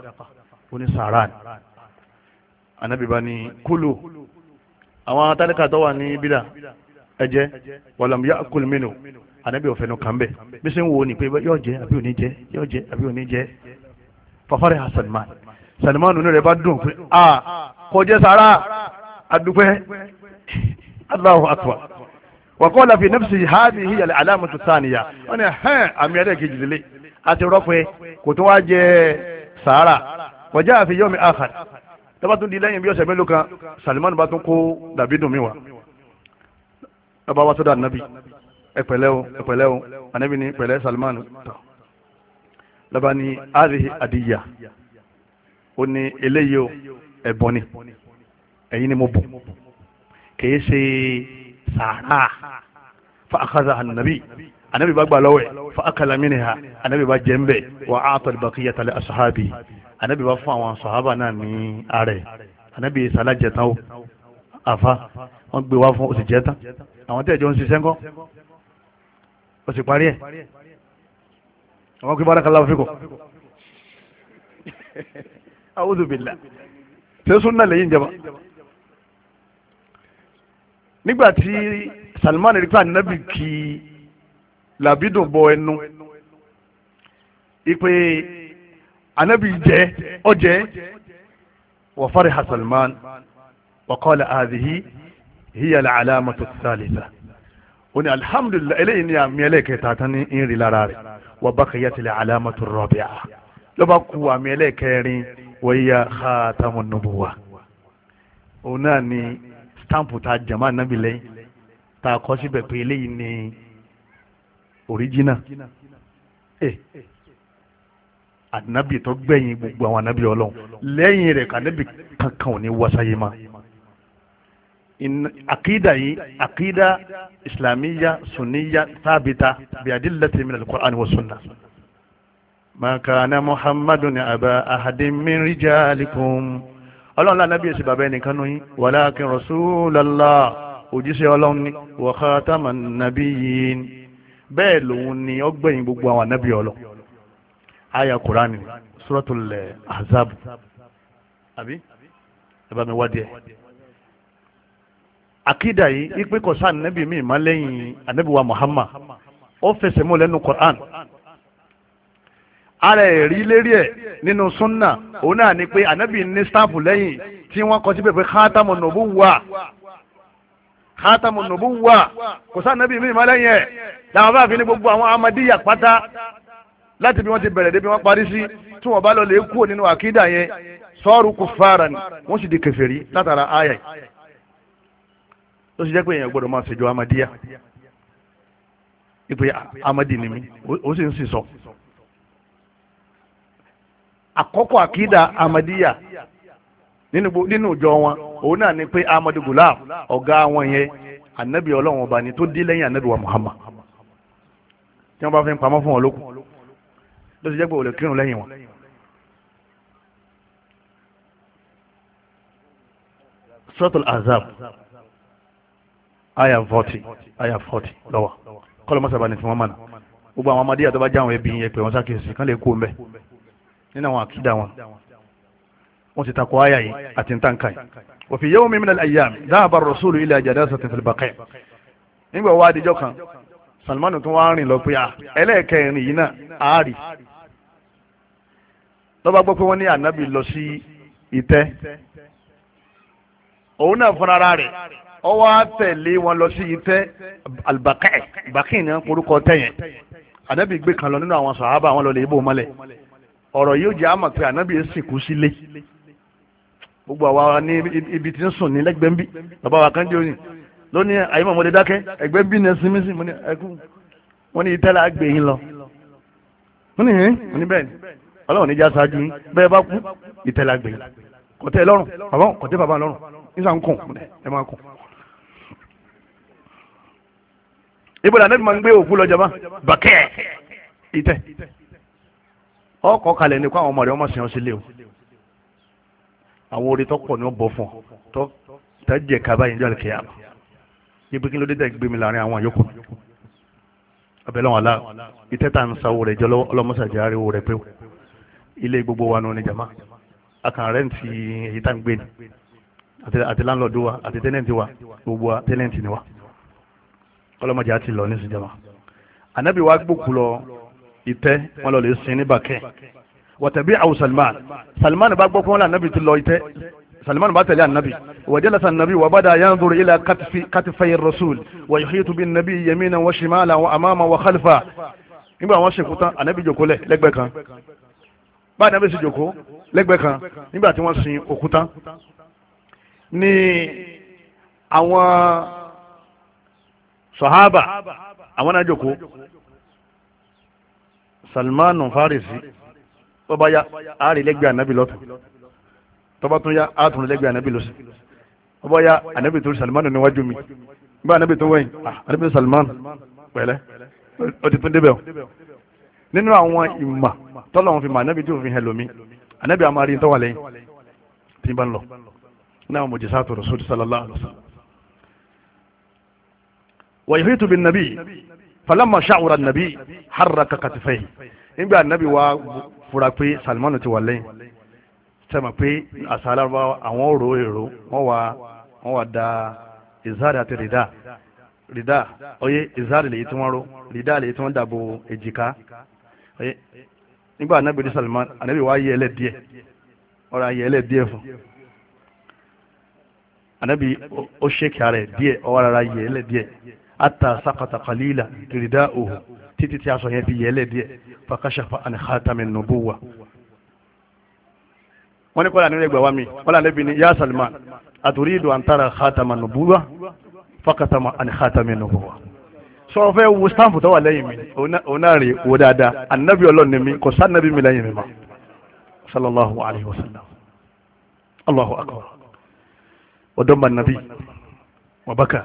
ó ní sàrán Ànábì bá ní kúlù àwọn tálíkà tó wà ní bídà ẹjẹ walam ya'kul minhu Ànábì ọ̀fẹ́nu kan bẹ̀ bí sẹ́ ń wo ni pé yóò jẹ àbí òní jẹ yóò jẹ àbí òní jẹ fàfàrẹ́ hasanman Salman nínú rẹ̀ bá dùn pé ah, a kò jẹ́ sàrá àdúpẹ́ Allahu akbar wọ́kọ́ lọ́fi nẹ́fṣì háàbì hìyà aláàmùtù sáàníyà wọ́n ni ẹ̀hẹ́n àmì ẹ̀rẹ́ kejì lélẹ̀ àti rọ́pẹ́ kò tó wá jẹ sàárà wọ́jà àfi yọ́ mi àkàr tọ́ba tún di lẹ́yìn bí ọ̀sẹ̀ Salman bá tún kó miwa dùn mí wá lọ́ba wá sọ́dọ̀ ànábì ẹ̀pẹ̀lẹ́ o o ànábì ni pẹ̀lẹ́ Salman tọ̀ lọ́ba ni àdìyà àdìyà ó ní eléyìí o ẹ̀bọ̀n ni mo bù kì í sàrà fa akhadha an-nabi anabi bá gbà lọ́wọ́ ẹ̀ fa akala minha anabi bá jẹ́ ń bẹ̀ wa a'ta al-baqiyata li ashabi anabi bá fún àwọn sàhábà náà ní ààrẹ anabi sàlájẹ tán o àfa wọn gbé wá fún òsìjẹ tán àwọn tẹ̀ jọ ń ṣiṣẹ́ ńkọ́ ó sì parí ẹ̀ àwọn kí barakallahu fikum a'udhu billah ṣé súnà lẹ́yìn ìjọba nígbà tí Salman rí pé ànábì kí làbídùn bọ ẹnu ipe ànábì jẹ ọjẹ wa fariha Salman wa qala hadhihi hiya al-alamatu ath-thalitha ó ní alhamdulilayi eléyìí ni àmì ẹlẹ́ẹ̀kẹta tán ní ìrìn lára rẹ̀ wa baqiyatil alamatu ar-rabi'a lọ́ba ku àmì ẹlẹ́ẹ̀kẹrin wa hiya khatamun nubuwah òun náà ni stampu ta jama nabi lẹ́yìn ta kọ síbẹ̀ pé eléyìí ni original ẹ eh, ànábì tó gbẹ̀yìn gbogbo àwọn ànábì ọlọ́run lẹ́yìn rẹ̀ kànábì kankan ò ní wasaye ma akida yìí akida islamiyya sunniya sábita bí adillati min al-Qur'an wa sunna. ما كان محمد أبا أحد من رجالكم ọlọ́run lánàbí èsì bàbá ẹnìkan nù yín walakin rasulallah òjíṣẹ́ ọlọ́run ni wa khataman nabiyyin bẹ́ẹ̀ lòun ni ọgbẹ̀yìn gbogbo àwọn ànábì ọlọ aya kurani suratul ahzab àbí ẹ bá mi wádìí ẹ akida yìí ipe kọsá ànábì mi ìmọ̀ lẹ́yìn wa muhammad ó fẹsẹ̀ mọ́ lẹ́nu quran ara ẹ̀rí lérí ẹ̀ nínú súnà òun náà ni pé ànábì ní stáàpù lẹ́yìn tí wọ́n kọ síbẹ̀ pé khatamu nubuwa khatamu nubuwa kò sá ànábì mímọ́ lẹ́yìn ẹ̀ làwọn bá fi ní gbogbo àwọn amadíyà pátá láti bí wọ́n ti bẹ̀rẹ̀ dé bí wọ́n parí sí tí wọ́n bá lọ lè kúrò nínú àkídà yẹn sọ́ọ̀rù kuffaran wọ́n sì di kèfèrí látara àyà yìí sì jẹ́ pé èèyàn gbọ́dọ̀ máa ṣèjọ amadíyà ìpè amadi ni mi ó sì ń sì sọ. So àkọ́kọ́ akida amadiya nínú ìjọ wọn òun náà ni pé amadu gulam ọ̀gá wọn yẹn anabi ọlọ́run ọba ni tó dé lẹ́yìn anabi wa muhammad tí wọ́n bá fi ń pamọ́ fún wọn lókun ló ti jẹ́ pé olè kírun wọn. suratul azab aya forty aya forty lọ́wọ́ kọ́lọ́ mọ́sábà ni fún wọn mọ̀nà gbogbo àwọn ọmọdé àtọ́bájá àwọn ẹbí yẹn pé wọ́n sá kìí sí kán lè kú mbẹ́ nínú àwọn àkídà wọn wọ́n ti takò àyà yìí àti ntànkà yìí wa fi yawmin min al-ayyam dhahaba ar-rasulu ila jadasatin fil baqi' nígbà wá adijọ́ kan Salmanu tún wá rìn lọ pé à ẹlẹ́ẹ̀kẹrin yìí náà àárì lọ́ba gbọ́ pé wọ́n ní ànábì lọ sí ìtẹ́ òun náà fúnra rẹ̀ ọ wá tẹ̀lé wọn lọ sí ìtẹ́ al-baqi' ni wọ́n korúkọ tẹ̀yẹn ànábì gbé kan lọ nínú àwọn sàhábà wọn lọ lè bò mọ́lẹ̀ ọ̀rọ̀ yóò jẹ́ àmọ̀ pé ànábì yẹn sìnkú sílé gbogbo àwa ní ibi tí ń sùn ní lẹ́gbẹ̀ẹ́ ń bí bàbá wa kan jẹ́ òyìn lónìí àyímọ̀ mo lè dákẹ́ ẹ̀gbẹ́ bí ní ẹsìn mi sìn mo ní ẹkú wọn ní ìtẹ́lẹ̀ àgbè yín lọ mo ní yín mo ní bẹ́ẹ̀ ni ọlọ́run níjà ṣáájú yín bẹ́ẹ̀ bá kú ìtẹ́lẹ̀ àgbè yín kọ̀tẹ́ lọ́rùn bàbá kọ̀tẹ́ bàbá lọ́rùn nígbà ń kùn ẹ máa kùn. ibùdó àná ọkọ̀ kalẹ̀ ní kó àwọn ọmọ rẹ̀ ọmọ sẹ́wọ́n sílé o àwọn orí tó pọ̀ ní ó bọ̀ fún ọ tó tẹ́jẹ̀ kaba yìí jọ́lẹ̀ kẹ́yà ibi kí ló dé tẹ̀ gbé mi láàrin àwọn àyọkù abẹ́lẹ́ wọn aláà ìtẹ́ tá à ń sanwó rẹ̀ jọ ọlọ́mọsàjà ariwo rẹ̀ pé o ilé gbogbo wa ní oníjàmá akàn rẹ̀ ti èyí tá ń gbé ni àti láńlọ́ọ̀dù wa àti tẹ́nẹ̀ntì wa gbogbo wa tẹ́nẹ̀ntì ni wa ọlọ́mọdé á lọ ní sùjàmá ànábì wa gbòkú lọ ìtẹ́ wọn lọ lè sin ní bàkẹ́ wọ̀tẹ̀bí àwọn salman salman bá gbọ́ pé wọn lè anabi ti lọ ìtẹ́ salman bá tẹ̀lé anabi wàjẹ́lẹ̀ sanabi wà bá dáa yanzuru ila katifayi rasul wà yuhitu bin nabi yamina wa shimala wa amama wa khalfa nígbà wọn ṣèkú tán anabi jòkó lẹ̀ lẹ́gbẹ̀ẹ́ kan bá anabi sì jòkó lẹ́gbẹ̀ẹ́ kan nígbà tí wọ́n sin òkú tán ni àwọn sahaba àwọn náà jòkó Salmanu Farisi bọ́bá ya àárẹ̀ lẹ́gbẹ̀ẹ́ ànábì lọ́tọ̀ tọ́ba tún ya àtún lẹ́gbẹ̀ẹ́ ànábì lọ́sẹ̀ bọ́bá ya ànábì tó Salmanu níwájú mi bá ànábì tó wẹ̀yìn ànábì Salmanu pẹ̀lẹ́ ó ti tún débẹ̀ o nínú àwọn ìmà tọ́lọ́run fi mà ànábì tí òfin hẹlòmí ànábì àmàrí ń tọ́wà lẹ́yìn tí ń bá ń lọ náà mujizatu Rasul sallallahu alaihi wasallam wa yuhitu bin nabi falama ṣàwùrà nàbí haraka kàtìfẹ́ nígbà nàbí wa fura pé salimanu ti wà lẹ́yìn sẹ́mi pé àsálàbà àwọn òrò èrò wọ́n wà wọ́n wà da ìzáàdì àti rìdá rìdá oyè ìzáàdì lèyí tí wọ́n ró rìdá lèyí tí wọ́n dàbò èjìká oyè nígbà anabi di salimanu anabi wa yẹ ẹlẹ díẹ̀ ọ̀rọ̀ ayẹ ẹlẹ díẹ̀ fún anabi ó ṣèkì ara ẹ̀ díẹ̀ ọwọ́ ara yẹ ẹlẹ díẹ̀ ata sakata kalila tirida ohu títí tí aṣọ yẹn fi yẹlẹ̀ díẹ̀ fakashafa an khatami nubuwa. wọ́n ní kọ́lá nínú ẹgbẹ̀ wa mi kọ́lá níbi ni ya salman aturidu an tara khatama nubuwa fakatama an khatami nubuwa. sọ fẹ́ wo sáǹpù tó wà lẹ́yìn mi òun náà wo dáadáa anabi ọlọ́run ni mi kò sá anabi mi lẹ́yìn mi ma sallallahu alayhi wa allahu akbar ọdọ́ mbà nabi wàbàkà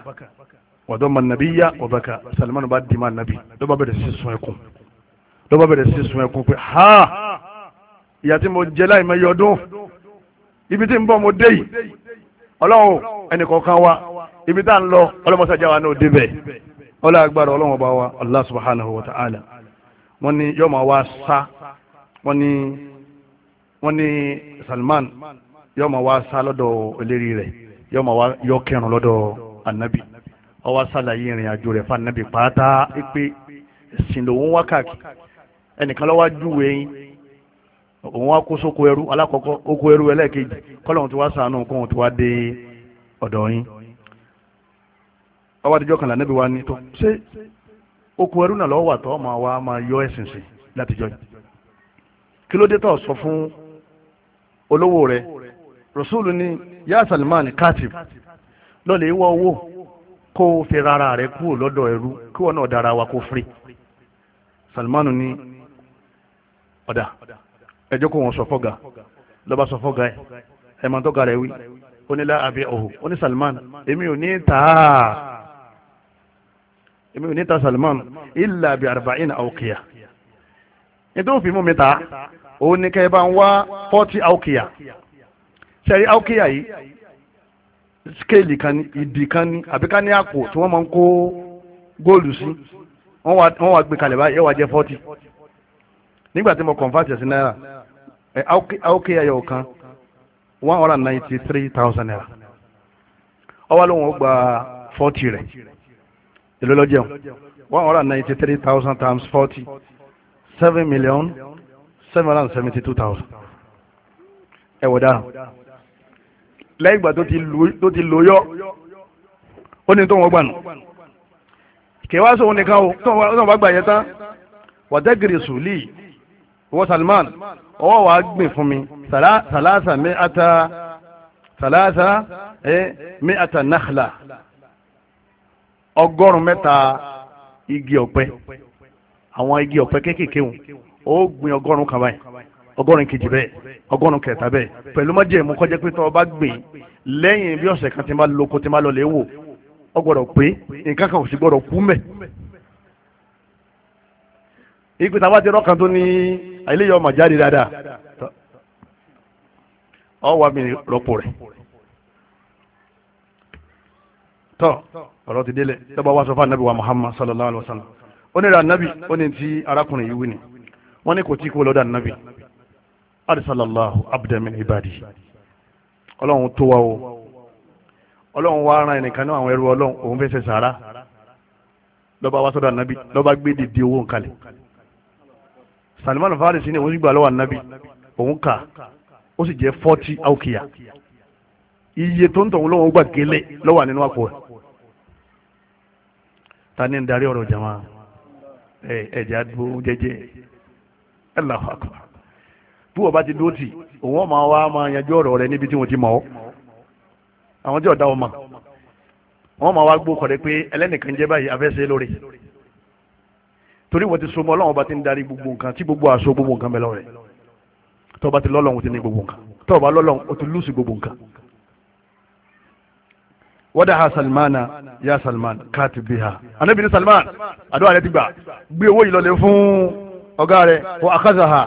wàdó ma nàbí yá ọ̀bẹ̀ka Salman bá dì má nàbí lọ́ba bẹ̀rẹ̀ sí sun ẹkún lọ́ba bẹ̀rẹ̀ sí sun ẹkún pé ha ìyá tí mo jẹ láì mẹ́yọ ọdún ibi tí n bọ̀ mo dé yìí ọlọ́run ẹnì kọ̀ọ̀kan wa ibi tá à ń lọ ọlọ́mọsájà wa náà débẹ̀ ọlọ́ agbára ọlọ́run ọba wa Allah subhanahu wa ta'ala wọ́n ní yọ́ọ̀ máa wá sá wọ́n ní wọ́n ní Salman yọ́ọ̀ máa wá sá lọ́dọ̀ eléri rẹ̀ yọ́ọ̀ máa wá yọ́ kẹrùn lọ́dọ̀ anabi ọwọ́ sàlàyé ìrìn àjò rẹ̀ fanabi pátá pé ẹ̀sìn lòun wákàkì ẹnìkan lọ́wọ́ júwe yín òun wá kó sóko ẹrú alákọ̀ọ́kọ́ oko ẹrú ẹlẹ́ẹ̀kejì kọ́lọ́hún ti wá sànù kóhun ti wá dé ọ̀dọ̀ yín ọwọ́ àdìjọ́ kan níbi wa ní tó ṣé oko ẹrú náà lọ́wọ́ àtọ́ máa wá máa yọ ẹ̀sìn sí látijọ́ kí ló dé tó sọ fún olówó rẹ̀ rasulu ni ya Salman katib lọ́lẹ̀ ìwọ owó kó o fi rárá rẹ kúrò lọ́dọ̀ ẹrú kí wọn náà dára wa kó firi Salmanu ní ọ̀dà ẹjọ́ kó wọn sọ fọ́gà lọ́ba sọ fọ́gà ẹ̀ ẹ̀ máa wí ó ní ọ̀hún ó Salman èmi ò ní ta èmi ò ní ta Salman illa bi arba'ina awqiya nítorí òfin mú mi ta òun ní kẹ́ ẹ bá ń wá fọ́tí awqiya ṣe rí yìí skéèlì kan ní ìdì kan ní àbí ká ní àpò tí wọ́n máa ń kó góòlù sí wọ́n wá gbé kalẹ̀ báyìí wá jẹ́ fọ́tì nígbà tí mo convert ẹ̀ náírà ẹ̀ áókè ayọ̀ kan one hundred ninety three thousand naira ọwọ́ lóun ó gba fọ́tì rẹ̀ èló ló jẹun one hundred ninety three thousand times forty seven million seven hundred seventy two thousand ẹ̀ wọ̀ dáhùn lẹ́yìn ìgbà tó ti lóyọ́ ó ní tó wọn gbà nù kẹwàá sóhun nìkan o tó wọn bá gbà yẹn tán wàtẹ́gìrì sùlì wọ́n Salman ọwọ́ wa gbìn fún mi salasa mi ata sàlásà mi ata nàkìlà ọgọ́rùn-ún mẹ́ta igi ọ̀pẹ àwọn igi ọ̀pẹ kéékèèké wọn ó gbìn ọgọ́rùn kan báyìí. ọgọ́rin kejì bẹ́ẹ̀ ọgọ́rin kẹta bẹ́ẹ̀ pẹ̀lú májẹ̀mú kọjá pé tọ́ ọba gbìn lẹ́yìn bí ọ̀sẹ̀ kan ti máa ti máa lọ lè ọ gbọ́dọ̀ pé nǹkan kan ò gbọ́dọ̀ kú mẹ́. a bá ti rọ́ọ̀kan tó ní ọmọ ọ wà mí rọ́pò rẹ̀ tọ́ ọ̀rọ̀ ti délẹ̀ wá sọ wa Muhammad sallallahu alayhi wa sallam ó ní ra anabi ó ní ti arákùnrin ni wọ́n ní kò tí kú lọ́dọ̀ anabi arsalallahu abdamin ibadi ọlọ́run tó wá o ọlọ́run wá ran ẹnìkan náà àwọn ẹrú ọlọ́run òun fẹ́ ṣe sàárà lọ́ba wá sọ́dọ̀ ànábì lọ́ba gbé dìde owó nkalẹ̀ Salman Farisi ni òun sì gbà lọ́wọ́ ànábì òun kà ó sì jẹ́ fọ́tí àwòkìyà iye tó ń tọ̀ wọ́n lọ́wọ́ gbà gẹ́lẹ́ lọ́wọ́ nínú àpò ẹ̀ ta ni ń darí ọ̀rọ̀ jama ẹ̀ ẹ̀ jẹ́ àdúgbò jẹ́jẹ́ Allahu akbar bí wọ́n bá ti dúró tì òun ọmọ wa máa yanjú ọ̀rọ̀ rẹ níbi tí wọ́n ti mọ̀ ọ́ àwọn tí ọ̀dà ọmọ wọ́n máa wá gbó kọ̀rẹ́ pé ẹlẹ́nìkan jẹ́ báyìí afẹ́sẹ́ lórí torí wọ́n ti so mọ́ ọlọ́run bá ti ń darí gbogbo nǹkan tí gbogbo àṣọ gbogbo nǹkan bẹ̀ lọ́rẹ̀ tó bá ti lọ́lọ́run ti ní gbogbo nǹkan tó bá lọ́lọ́run ó ti lùsì gbogbo nǹkan. wọ́dà ha salmana ya salman káàtì bí ha anábìrin salman àdó àrẹ ti gbà gbé owó yìí lọlé fún ọ̀gá rẹ̀ wọ́n akáza ha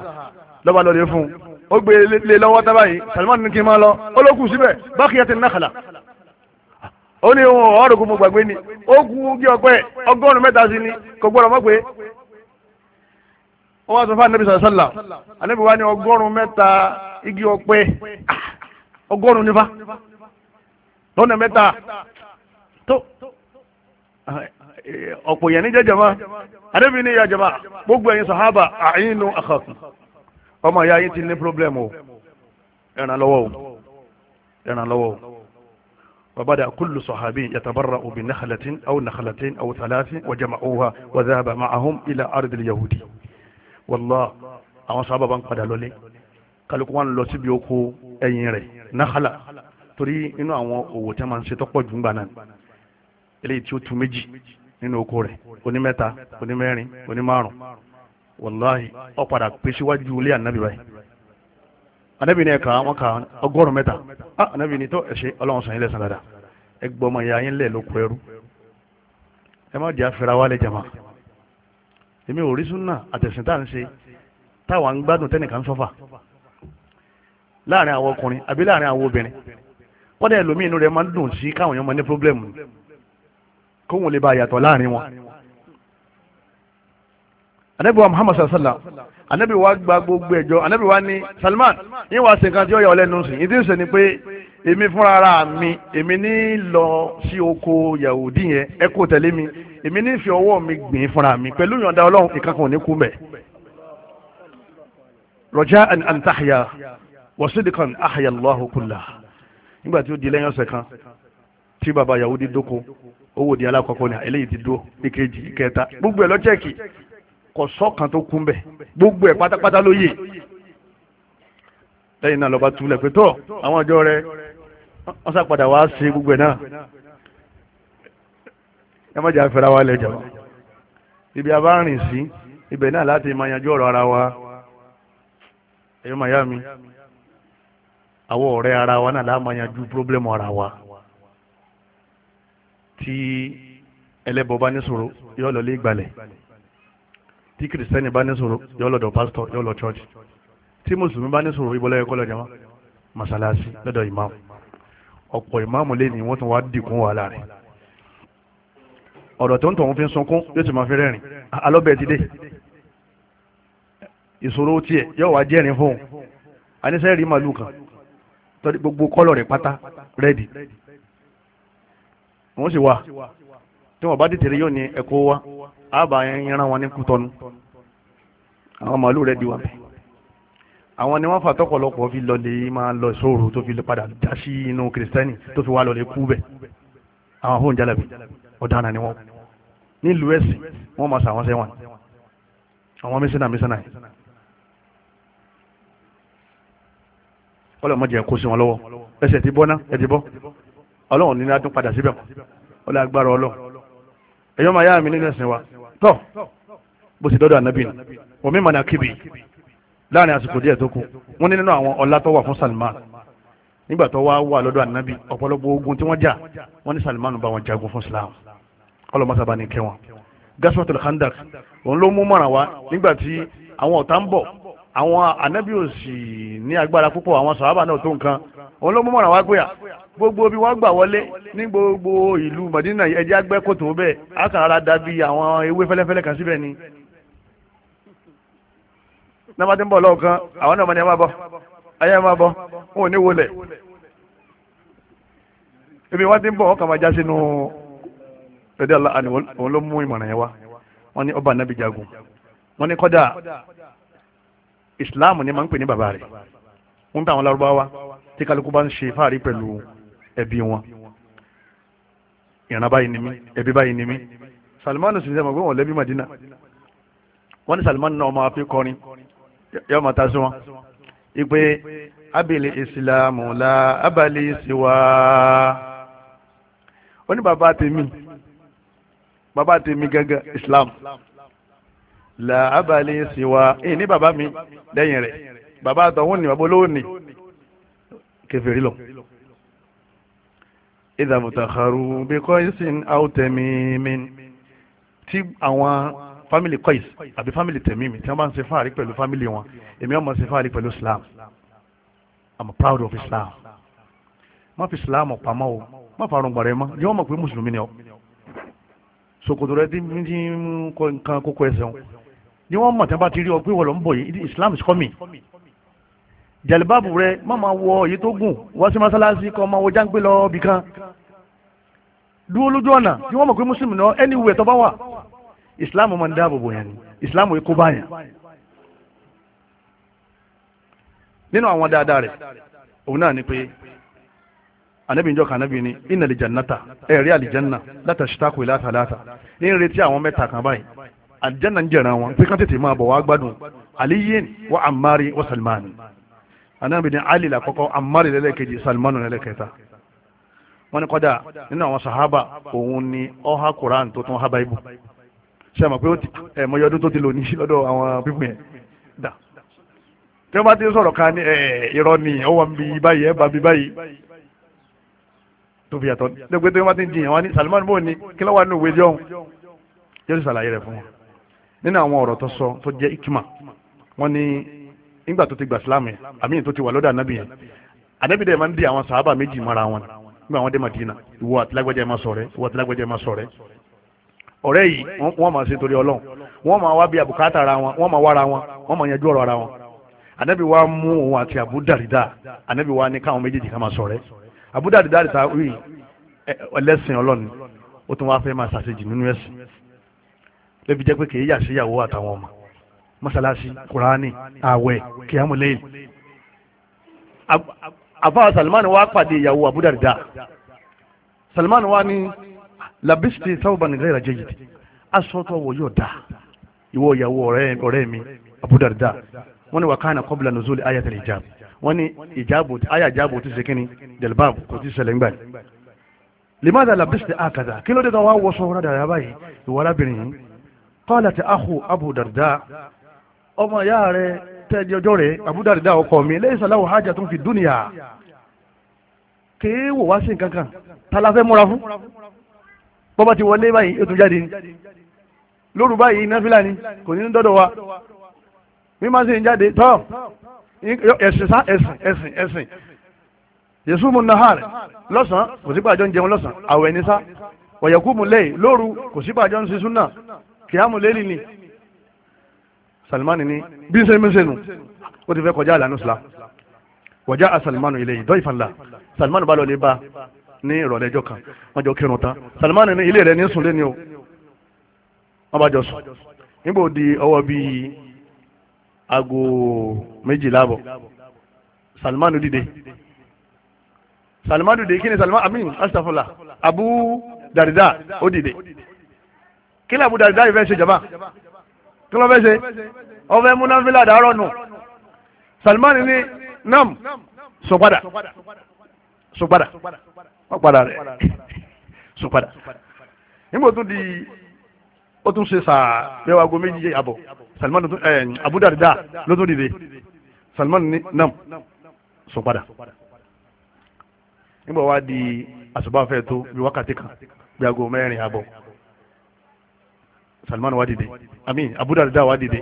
lọ́ba lọ́ọ́ lè fún un gbé lé lọ́wọ́ tábà yìí Salman ni kí n máa lọ ó ló kù síbẹ̀ bákìyà ti nàkàlà ó ní ohun ọ̀rọ̀ kò mo gbàgbé ni ó kú kí ọpẹ́ ọgọ́rùn-ún mẹ́ta sí ni kò gbọ́dọ̀ mọ́ pé wọ́n wá sọ fún anabi sàlá anabi wa ní ọgọ́rùn-ún mẹ́ta igi ọpẹ́ ọgọ́rùn-ún nífa lọ́nà mẹ́ta tó ọ̀pọ̀ yẹn ní jẹ́ jama anabi ní ìyá jama gbogbo ẹ̀yin sàhábà àyínú àkàkùn ọmọ ìyá yín ti ní problem o ẹ̀ràn lọ́wọ́ o ẹ̀ràn lọ́wọ́ o وبدا كل صحابي يتبرأ بنخلة أو نخلتين أو ثلاث وجمعوها وذهب معهم إلى أرض اليهود والله àwọn sábà bá ń padà lọlé kálukú wọn lọ síbi oko ẹ̀yìn rẹ̀ náxàlà torí inú àwọn òwò tí a máa ń ṣe tọ́pọ̀ jù ń gbà náà eléyìí tí ó tu méjì nínú oko rẹ̀ onímẹ́ta onímẹ́rin onímárùn wàláhì ọ padà pé síwájú ilé ànábì báyìí ànábì ni ẹ̀ka wọn kà ọgọ́rùn mẹ́ta ah ànábì ni tó ẹ̀ṣẹ̀ ọlọ́run sàn yín lẹ́sàn dáadáa ẹ ọmọ ìyá yín lẹ̀ ló ẹrú ẹ má jẹ́ àfẹ́ra jama èmi ò rí súnà àtẹ̀sìn tá à ń ṣe táwa ń gbádùn tẹ́nìkan sọ́fà láàrin àwọn ọkùnrin àbí láàrin àwọn obìnrin inú rẹ̀ máa ń dùn sí káwọn èèyàn máa ní anabi wa muhammad sallallahu anabi wa gba gbogbo ẹjọ anabi wa ni salman yín wa ṣe nǹkan tí ó yà ọ lẹ́nu sìn yín tí ń sè ni pé èmi fúnra ara mi èmi ní lọ sí oko yahudi yẹn ẹ kò tẹ̀lé mi èmi ní fi ọwọ́ mi gbìn fúnra mi pẹ̀lú ìyọ̀ǹda ọlọ́run ìkan kan ò ní kú mẹ́. rọjá an wasidikan ahya allahu kulla nígbà tí ó di lẹ́yìn ọ̀sẹ̀ kan tí baba yahudi dóko owó di alákọ̀ọ́kọ́ ni eléyìí ti dó ìkejì ìkẹta gbogbo ẹ̀ lọ́jẹ́kì kò sọ́kàn tó kún bẹ̀ gbogbo ẹ̀ pátápátá ló yè lẹ́yìn náà lọ́ba túlẹ̀ pé tọ́ àwọn ọjọ́ rẹ wọ́n sàpadà wá sí gbogbo ẹ̀ náà ẹ má jà fẹ́ra wa lẹ́jà wa ibi a bá rìn sí ibẹ̀ náà láti máa yanjú ọ̀rọ̀ ara wa ẹ̀yọ́ màyá mi àwọn ọ̀rẹ́ ara wa náà láà máa yanjú pírọ́blẹ́mù ara wa tí ẹlẹ́bọ̀ bá ní sọ̀rọ̀ yóò lọ lé ìgbàlẹ̀ tí kìrìsìtẹ́nì bá ní sọ̀rọ̀ yọ lọ́dọ̀ pásítọ̀ yọ lọ church. tí mùsùlùmí bá ní sọ̀rọ̀ ibo lọ́yẹ kọ́ lọ́jà wọn màsálásí lọ́dọ̀ ìmáàmù ọ̀pọ̀ ìmáàmù lé ní wọ́n tún wá dìkún wàhálà rẹ̀ ọ̀rọ̀ tó ń tọ̀hún fi ń sunkún yóò sì máa fi rẹ́rìn alọ́bẹ̀ ti dé ìṣòro tiẹ̀ yóò wá jẹ́rìn fún un aníṣẹ́ rí màlúù kan tọ́jú gbogbo kọ́lọ̀ rẹ̀ pátá rẹ́dì wọ́n sì wà tí wọ́n bá dìtẹ̀ rí yóò ní ẹ̀kọ́ wa àbá ẹran wọn ní kútọ́nu àwọn màálù rẹ̀ di wa àwọn ni wọ́n fà tọ́pọ̀lọpọ̀ fi lọ lè máa lọ sóòrò tó fi padà dá sí inú kìrìsìtẹ́nì tó fi wá lọ lè kú bẹ̀ àwọn hóun jálẹ̀bì ọ̀daràn ni wọ́n nílùú ẹ̀sìn wọ́n máa sàwọn sẹ́wọ̀n àwọn mísínà mísínà yìí ọlọ́run mọ̀jẹ̀ kó sí wọn lọ́wọ́ ẹsẹ̀ ti bọ́ ná ẹ ti bọ́ ọlọ́run ní adún padà síbẹ̀ agbára ọlọ́run ẹ̀yọ́ máa yá mi nínú ẹ̀sìn wa tọ́ bó ti dọ́dọ̀ ànábì ni omi mọ̀ ní akíbi láàrin àsìkò díẹ̀ tó kù wọ́n ní nínú àwọn ọlá tó wà fún Salman nígbà tó wá wà lọ́dọ̀ ànábì ọ̀pọ̀lọpọ̀ ogun tí wọ́n jà wọ́n ní Salman bá wọn jagun fún Islam ọlọ́mọsábà ní kẹwọn Ghazwatul Khandaq òun ló mú mọ̀ràn wá nígbà tí àwọn ọ̀tá ń bọ̀ àwọn ànábì ò sì ní agbára púpọ̀ àwọn sàhábà náà tó nǹkan òun ló mú mọ̀ràn wá pé à gbogbo bí wọ́n gbà wọlé ní gbogbo ìlú Mádínà ẹ̀jẹ̀ agbẹ́ kòtò bẹ́ẹ̀ á kàn rárá dàbí àwọn ewé fẹ́lẹ́fẹ́lẹ́ kan síbẹ̀ ni. nàbàtí ń bọ̀ lọ́wọ́ kan àwọn náà mọ̀ ní ẹ máa bọ̀ ayé máa bọ̀ wọn ò ní wọlé. ibi wọ́n ti ń bọ̀ wọ́n kàn máa já sínú rẹ̀dí àlá àni òun ló mú ìmọ̀ràn yẹn wá wọ́n ní ọba ànábì jagun wọ́n ní kọ́dà islam ni máa ń pè ní bàbá rẹ̀ ń bá àwọn lárúbáwá tí kálukú bá ń ṣe fáàrí pẹ̀lú ẹbí wọn ìrànà báyìí ni mí ẹbí báyìí ni mí Salman sì sẹ́mọ̀ pé wọ́n lẹ́bí Madina wọ́n ní Salman náà máa fi kọrin yọ máa ta sí wọn ipe abèlè ìsìlámù la abàlè ìsìwà ó ní bàbá tèmi bàbá tèmi gángan islam. islam la abali siwa ẹ ní bàbá mi lẹ́yìn rẹ̀ bàbá àtọ̀hún ni bàbá olówó ni kẹfìrí lọ. ìdàmùtàkàrù bí kọ́ìsìn àwòtẹ́mímí tí àwọn fámìlì kọ́ìs àbí fámìlì tẹ̀mímì tí wọ́n bá ń ṣe fáàrí pẹ̀lú fámìlì wọn èmi ọmọ ṣe fáàrí pẹ̀lú Islam I'm proud of Islam má fi Islam pamọ́ o má fa arùngbọ̀n rẹ mọ́ yọ ọmọ pé mùsùlùmí ni ọ sokoto rẹ ti ń kọ nǹkan kókó ẹsẹ̀ wọn ni wọ́n mọ̀ tí wọ́n bá ti rí ọ pé wọ́n lọ ń bọ̀ yìí Islam is coming jàlíbáàbù rẹ má máa wọ èyí tó gùn wá sí mọ́sálásí kọ́ máa wọ jáǹgbé lọ bì kan dúró lójú ọ̀nà tí wọ́n mọ̀ pé mùsùlùmí náà ẹni wù ẹ̀ tó bá wà Islam máa ń dáàbò bò yẹn Islam kó bá yẹn nínú àwọn dáadáa rẹ òun náà ni pé anabi njọ kan anabi ni ina alijannata ẹ rí alijanna látàṣítàkùn ìlàtàlátà ní retí àwọn mẹ́ta kan báyìí àlìjánà ń jẹ̀ràn wọn pé ká tètè máa bọ̀ wá gbádùn aliyin wa amari wa salmani anábì ní ali la làkọ́kọ́ amari lẹ́lẹ́kejì salmanu lẹ́lẹ́kẹta wọ́n ní kọ́dà nínú àwọn sahaba òun ni ọha quran tó tún ha báyìí ṣe mọ̀ pé ẹ̀ mọ̀ yọdún tó ti lò ní lọ́dọ̀ àwọn pípù yẹn dà tí wọ́n bá ti sọ̀rọ̀ ká ní irọ́ ni ọwọ́ mi báyìí ẹ̀ bá mi báyìí tó fi yàtọ̀ lẹ́gbẹ̀ẹ́ tí wọ́n bá ti jiyàn wá ní Salman bò ní kí lọ́wọ́ nínú ìwé jọ̀hún yóò ṣàlàyé rẹ̀ fún wọn nínú àwọn ọ̀rọ̀ tó sọ tó jẹ́ ikima wọ́n ní nígbà tó ti gbà sílámù yẹn àmì tó ti wà lọ́dọ̀ ànábì yẹn ànábì dẹ̀ máa ń di àwọn sàábà méjì mara wọn nígbà wọn dé Madina ìwọ àtìlágbájá ẹ̀ máa sọ rẹ ìwọ àtìlágbájá ẹ̀ máa sọ rẹ ọ̀rẹ́ yìí wọ́n máa ṣe torí Ọlọ́run wọ́n máa wá bí àbùkátà ara wọn wọ́n máa wá ara wọn wọ́n máa yanjú ọ̀rọ̀ ara wọn ànábì wa mú òun àti Abu Darda ànábì wa ní káwọn méjèèjì ká máa sọ rẹ Abu Darda ta wí ẹlẹ́sìn Ọlọ́run ó tún wá fẹ́ máa ṣàṣejì nínú ẹ̀sìn lẹ́bi jẹ́ pé kì í yà sí ìyàwó àtàwọn ọmọ mọ́sálásí kùránì ààwẹ̀ kìámùlẹ́yìn àfáà Salman wa pàdé ìyàwó àbúdàrídà Salman wa ní labisti sábàbàn ìlera jẹyìí aṣọ tó wọ yóò dáa ìwọ ìyàwó ọ̀rẹ́ mi àbúdàrídà wọ́n ní wakana kọ́bìlà nùzúlì ayatul hijab wọ́n ní ìjábò ayà ìjábò ti sekini jalbab kò ti ṣẹlẹ̀ ńgbà limada labisti akada kí ló dé tó wá wọṣọ rádàrà báyìí ìwọ arábìnrin yìí kọ́lẹ̀tì ahu abu darda ọmọ ìyá rẹ̀ tẹ́lẹ̀ ọjọ́ rẹ̀ abu darda ọkọ mi lẹ́yìn sàláwò hajj tó ń fi dúnìyà kéé wò wá sí nǹkan kan tala fẹ́ múra fún bọ́bá ti wọlé báyìí ètò jáde ni lóru báyìí náfìlà ni kò ní dọ́dọ̀ wa mi máa ń sìn jáde tọ́ ẹ̀sìn sá ẹ̀sìn ẹ̀sìn ẹ̀sìn yẹsùn mu nahar lọ́sàn-án kò sí pàjọ́ ń jẹun lọ́sàn-án àwẹ̀ ní sá ọ̀yẹ̀kú mu lẹ́yìn lóru kò sí pàjọ́ ń ṣe súnà kìámù lélì ni Salman ni bí n ṣe mí sẹ́nu ó ti fẹ́ kọjá àlànà islam wọ̀já a Salman ilé yìí dọ́ìfà ńlá Salman bá lọ lè bá ní ìrọ̀lẹ́ ẹjọ́ kan wọ́n jọ kírun tán Salman ni ilé rẹ̀ ní sùn lé o wọ́n bá jọ sùn nígbà di ọwọ́ bíi aago méjìlá bọ̀ Salman dìde Salman dìde kí ni Salman amin astaghfirullah Abu Darida ó dìde kí lè àbúdá ìdáyìí fẹ́ ṣe jàmbá kí ló fẹ́ ṣe ọfẹ́ múnáfílà dàárọ̀ nù Salman ní nam sọpadà sọpadà ọpadà rẹ sọpadà nígbà tó di ó tún ṣe sàá bẹ́ẹ̀ wá go méjì àbọ̀ Salman àbúdá eh, ìdá ló tún dìde Salman ní nam sọpadà nígbà wá di àṣùbà fẹ́ tó bí wákàtí kan bí aago mẹ́rin àbọ̀. Salman wá dìde àmín Abu Darda wá dìde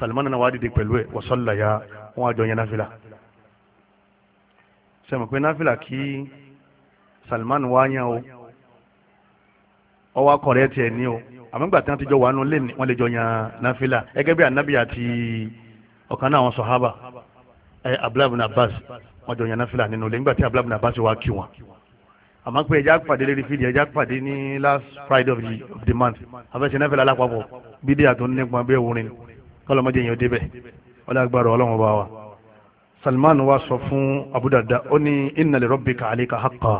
Salman na wá dìde pẹ̀lú ẹ̀ wọ́sọ́lá ya wọ́n yana fila. Sema sẹ́mi pé náfìlà kí Salman wá yẹn o ọwọ́ akọ̀rẹ́ tiẹ̀ ní o àmọ́ gbà tí wọ́n ti jọ wà nù lé ní wọ́n lè jọ yẹn náfìlà ẹgẹ́ bí anabi àti ọ̀kan náà àwọn sọ̀hábà ẹ Abdullahi bin Abbas wọ́n jọ yẹn náfìlà nínú ilé nígbà tí Abdullahi bin Abbas wá kí wọn àmọ́ pé ẹja pàdé lérí fídíò ẹja pàdé ní last friday of the, of the month abẹ́sẹ̀ náà fẹ́lẹ́ alápapọ̀ bídé àtún nípa bẹ́ẹ̀ wúrin kọ́lọ́mọdé yẹn débẹ̀ ọlọ́gbàrọ̀ ọlọ́run ọba wa salman wa sọ fún abudada ó ní inna li rabbika alayka haqqa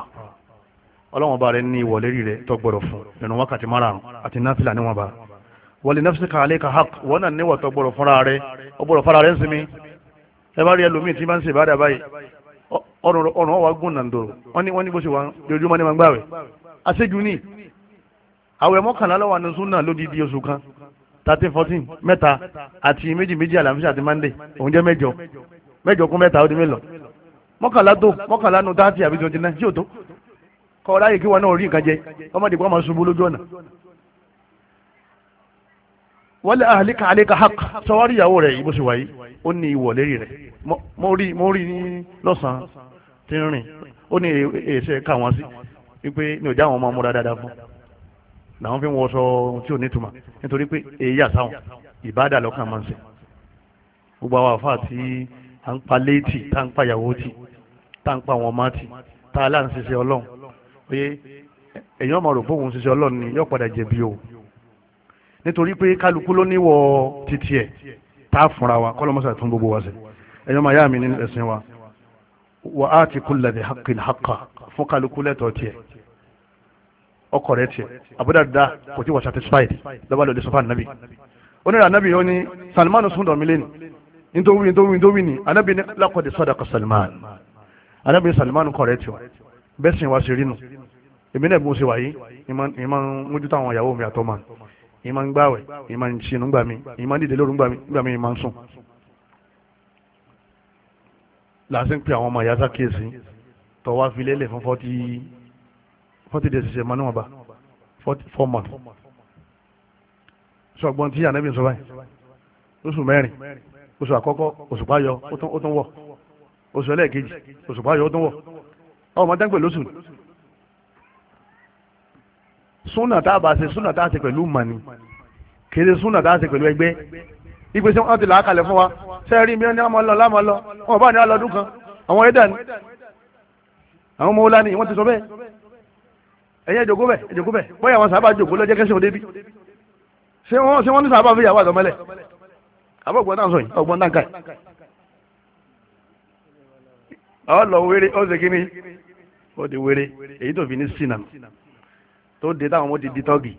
ọlọ́run ọba rẹ̀ ní ìwọ̀ lérí rẹ̀ tó gbọ́dọ̀ fún nínú wákàtí márùn-ún àti náfìlà níwọ̀n ba wa li nafsika alayka haqq wọn náà níwọ̀ tó gbọ́dọ̀ fúnra rẹ̀ ó gbọ́dọ̀ fara rẹ̀ ọrùn ọwà gùn nàndòrò wọn ni wọ́n bó ṣe wà lójúmọ́ ní màgbàwẹ̀ àṣejù ní àwẹ̀ mọ́kànlá lọ́wọ́ ní súnà lódìdí oṣù kan thirteen fourteen mẹ́ta àti méjì méjì àlàmísà àti mande òun jẹ́ mẹ́jọ mẹ́jọ kún mẹ́ta ó di mélòó mọ́kànlá tó mọ́kànlá nu táàtì àbí tuntun náà sí òtó kọ́ láyè kí wọn náà rí nǹkan jẹ ọmọdé máa ṣubú lójú ọ̀nà. ìyàwó rẹ̀ ìbùsùn wáyé ó ní ìwọ̀ lérí rẹ̀ mo rí lọ́sàn-án tí ń rìn ó ní èsè ká wọn sí wípé ní òjá àwọn ọmọ múra dáadáa fún làwọn fi ń wọṣọ tí ò nítumọ̀ nítorí pé èyí àtàwọn ìbáàdà lọ́kàn máa ń sè gbogbo àwọn àfa àti à ń pa léètì tá à ń pa ìyàwó tì tá à ń pa àwọn ọmọ tì tá a láà ń ṣiṣẹ́ oye èyàn ọmọ rò fóun ṣiṣẹ́ ọlọ́run ni yóò padà jẹ̀bi o nítorí pé kálukú ló níwọ̀ títí ẹ̀ tá a fúnra wa kọ́lọ́mọ́sà tún gbogbo wa ṣe èyàn ọmọ ayá mi ní ẹ̀sìn wa wà á ti kú lẹ́dẹ̀ haqqin haqqa fún kálukú lẹ́tọ̀ tiẹ̀ ọkọ̀ rẹ̀ tiẹ̀ àbúdàdà kò tí wà satisfied lọ́ba lọ́dẹ sọ́fà nàbì onírà nàbì yóò ní Salman sundọ̀ mi lẹ́nu nítorí nítorí nítorí ni anábì ní lákọ̀dé sadaqa Salman anábì Salman kọ̀ rẹ̀ tiẹ̀ bẹ́ẹ̀ sìn wá sí rínu èmi náà gbọ́n ṣe wáyé ìmọ̀ ń mójútó àwọn ìyàwó mi àtọ́ ma ìmọ̀ ń gbáwẹ̀ ìmọ̀ ń ṣinú gbà ìmọ̀ ń dìde lóru gbà mí ìmọ̀ ń sùn làásìn pé àwọn ọmọ ìyá sákèsí tọ́wá fi lélẹ̀ fún forty forty days ṣe mọ́ níwọ̀nba forty four months sọgbọ́n tí ànábì ń sọ báyìí oṣù mẹ́rin oṣù àkọ́kọ́ oṣù báyọ̀ ó tún wọ̀ oṣù ẹlẹ́ẹ̀kejì oṣù báyọ̀ ó tún wọ̀ ọmọ dáńgbè lóṣù súnà tá a bá ṣe súnà tá a ṣe pẹ̀lú màní kéré súnà tá a ṣe pẹ̀lú ẹgbẹ́ ìgbésí wọn ti là á kalẹ̀ fún wa sẹ́ẹ̀rí mi ní àmọ́ lọ lámọ́ lọ wọn bá ní alọ́dún kan àwọn ẹ̀dá ni àwọn ọmọ wọlá ni wọ́n ti sọ bẹ́ẹ̀ ẹ̀yẹ́ ìjòkó bẹ̀ ìjòkó bẹ̀ bóyá àwọn sábà jòkó lọ́jọ́ kẹsàn-án débi ṣé wọ́n ṣé wọ́n ní sábà fi yàwó àtọ́mọ́lẹ̀ àbọ̀gbọ́n náà sọ yìí ọgbọ́n náà káì ọ lọ wéré ó ṣe kíní ó di wéré èyí tó fi ní sinà tó dé táwọn ọmọ ti di tọ́gì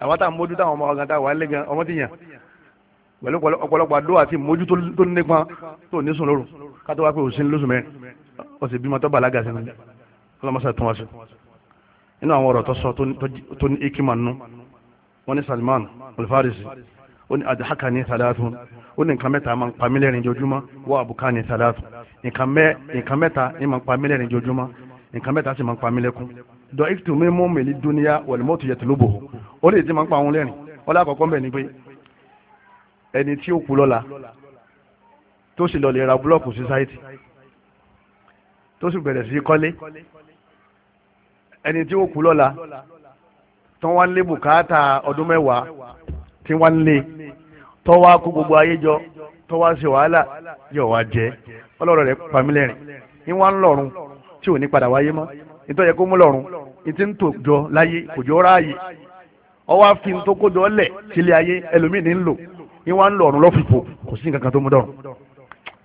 àwọn táwọn mójú táwọn ọmọ ọ̀gá táwọn alẹ́ gan ọmọ ti yàn pẹ̀lú ọ̀pọ̀lọpọ̀ àdó àti mójú tó nípa tó ní sùn lóru kátó wá pé òsín lóṣù mẹ́rin ó sì bímọ tó bàlágà sínú ọlọ́mọṣẹ́ tún wá sí inú àwọn ọ̀rọ̀ tó sọ tó ní ikima nù wọ́n ní Salman al-Farisi ó ní adahaka ní salatun ó ní nǹkan mẹ́ta máa ń pa mí lẹ́rìn jojúmọ́ wọ́n àbùká ní salatun nǹkan mẹ́ta ní máa ń pa mí lẹ́rìn jojúmọ́ nǹkan mẹ́ta sì máa ń pa mí lẹ́kún dọ̀ ìtumí mú mi ní dúníyà wọ̀lẹ́mọ́tò yẹtùlúbò ó lè ti máa ń pa òun lẹ́rìn ọlá àkọ́kọ́ mbẹ̀ pé ẹni tí ó kú lọ́la tó sì lọ lè ra búlọ́ọ̀kù society tó sì bẹ̀rẹ̀ sí kọ́lé ẹni tí ó kú lọ́la tó wá lé bùkátà ọdún mẹ́wàá tí wá lé tó wá kó wàhálà yóò jẹ ọlọ́rọ̀ rẹ̀ ní wá ń tí ò ní padà wáyé mọ́ yẹ kó mú ní ti ń tò jọ láyé kò jọ ráàyè ní wọ́n ń lọ ọ̀run lọ́fìfò kò sí nǹkan tó mú dọ̀rùn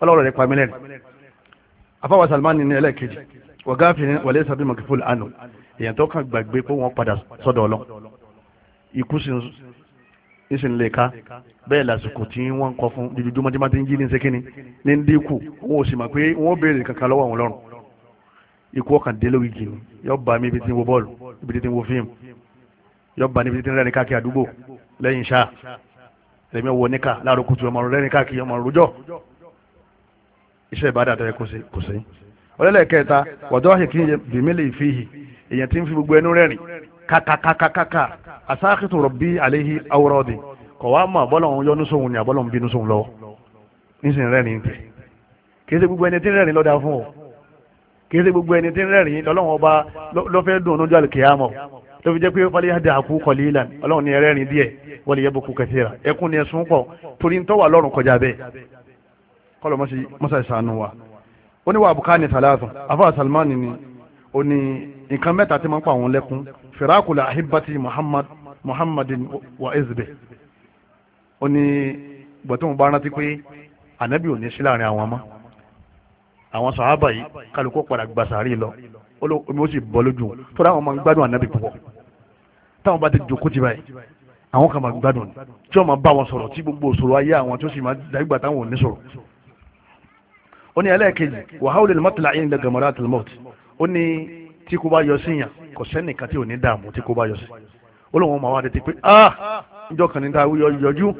ọlọ́rọ̀ rẹ̀ pamílẹ̀ rẹ̀ afáwà Salman ní ẹlẹ́ẹ̀kejì wọ̀gáfin wọlé sábẹ́ mọ̀kífòlù àná èèyàn tó kàn gbàgbé pé wọ́n padà sọ́dọ̀ ọlọ́ ikú sì ń lè ká bẹ́ẹ̀ lásìkò tí wọ́n ń kọ fún dídúdúmọ́ tí wọ́n ti ń jí ní sékíní ní ń wọn ò sì mọ̀ pé wọ́n béèrè kankan lọ́wọ́ àwọn lọ́rùn ikú ọkàn dé lórí igi ni yóò bá mi ibi tí ń wo bọ́ọ̀lù ibi tí ń wo fíìmù yóò bá níbi tí ń rẹ́ni lẹ́mí wọ níkà láàrú kùtù ọmọ rẹ níkà kí ọmọ rújọ iṣẹ́ ìbádà tẹ́ kò sí kò sí. ọlẹ́lẹ̀kẹta wọ́dọ̀ àṣekí bìmílì ìfihì èèyàn ti ń fi gbogbo ẹnu rẹ́rìn kàkàkàkàkà asáàkìtù rọ̀bí àléhi awúrọ́dì kọ̀ wá mọ̀ bọ́lọ̀hún yọ́nú sóhun ni àbọ́lọ̀hún bínú sóhun lọ nísìnyí rẹ́rìn tẹ̀ kìí ṣe gbogbo ẹni tí ń rẹ́rìn lọ́dà fún ọ kìí ṣe gbogbo ẹni tí ń rẹ́rìn lọ́lọ́hún ọba lọ́fẹ́ dùn ọ́nú jọ́ àlùkìyàmọ̀ tó fi jẹ́ pé fọlẹ́ àdàkú kọ̀lí ìlànà ọlọ́hún ni ẹ̀rẹ́rìn díẹ̀ wọ́n lè yẹ bukú kẹsíra ẹkún ni ẹ̀sùn pọ̀ torí ntọ́ wà lọ́rùn kọjá bẹ́ẹ̀ kọ́lọ̀ mọ́sá ìsànù wa ó ní wà àbùká ni sàlásùn afa salman ni ó ní nǹkan mẹ́ta tí máa ń pa àwọn lẹ́kún firakula ahibati muhammad muhammadin wa ezbe ó ní gbọ̀tún bá rántí pé ànábì ò ní sí láàrin àwọn ọmọ àwọn sàhábà yìí kálukú padà gba sàárì lọ omi ó sì bọ́ lójú tó dáwọn ọmọ gbádùn ànábì púpọ̀ táwọn bá ti jòkó ti báyìí àwọn kan máa gbádùn ni tí wọ́n máa bá wọn sọ̀rọ̀ tí gbogbo òṣòro ayé àwọn tí ó sì máa dàgbà táwọn ò ní sọ̀rọ̀ ó ní ẹlẹ́ẹ̀kejì wàhálà lè mọ́tàlá yín lè gàmọ́rà àtàlmọ́t ó ní tí kò bá yọ sí yàn kò sẹ́nìkan tí ò ní dààmú tí kò bá yọ sí ó lóun máa wá dé ti pé ah njọ́ kan ní ta yọjú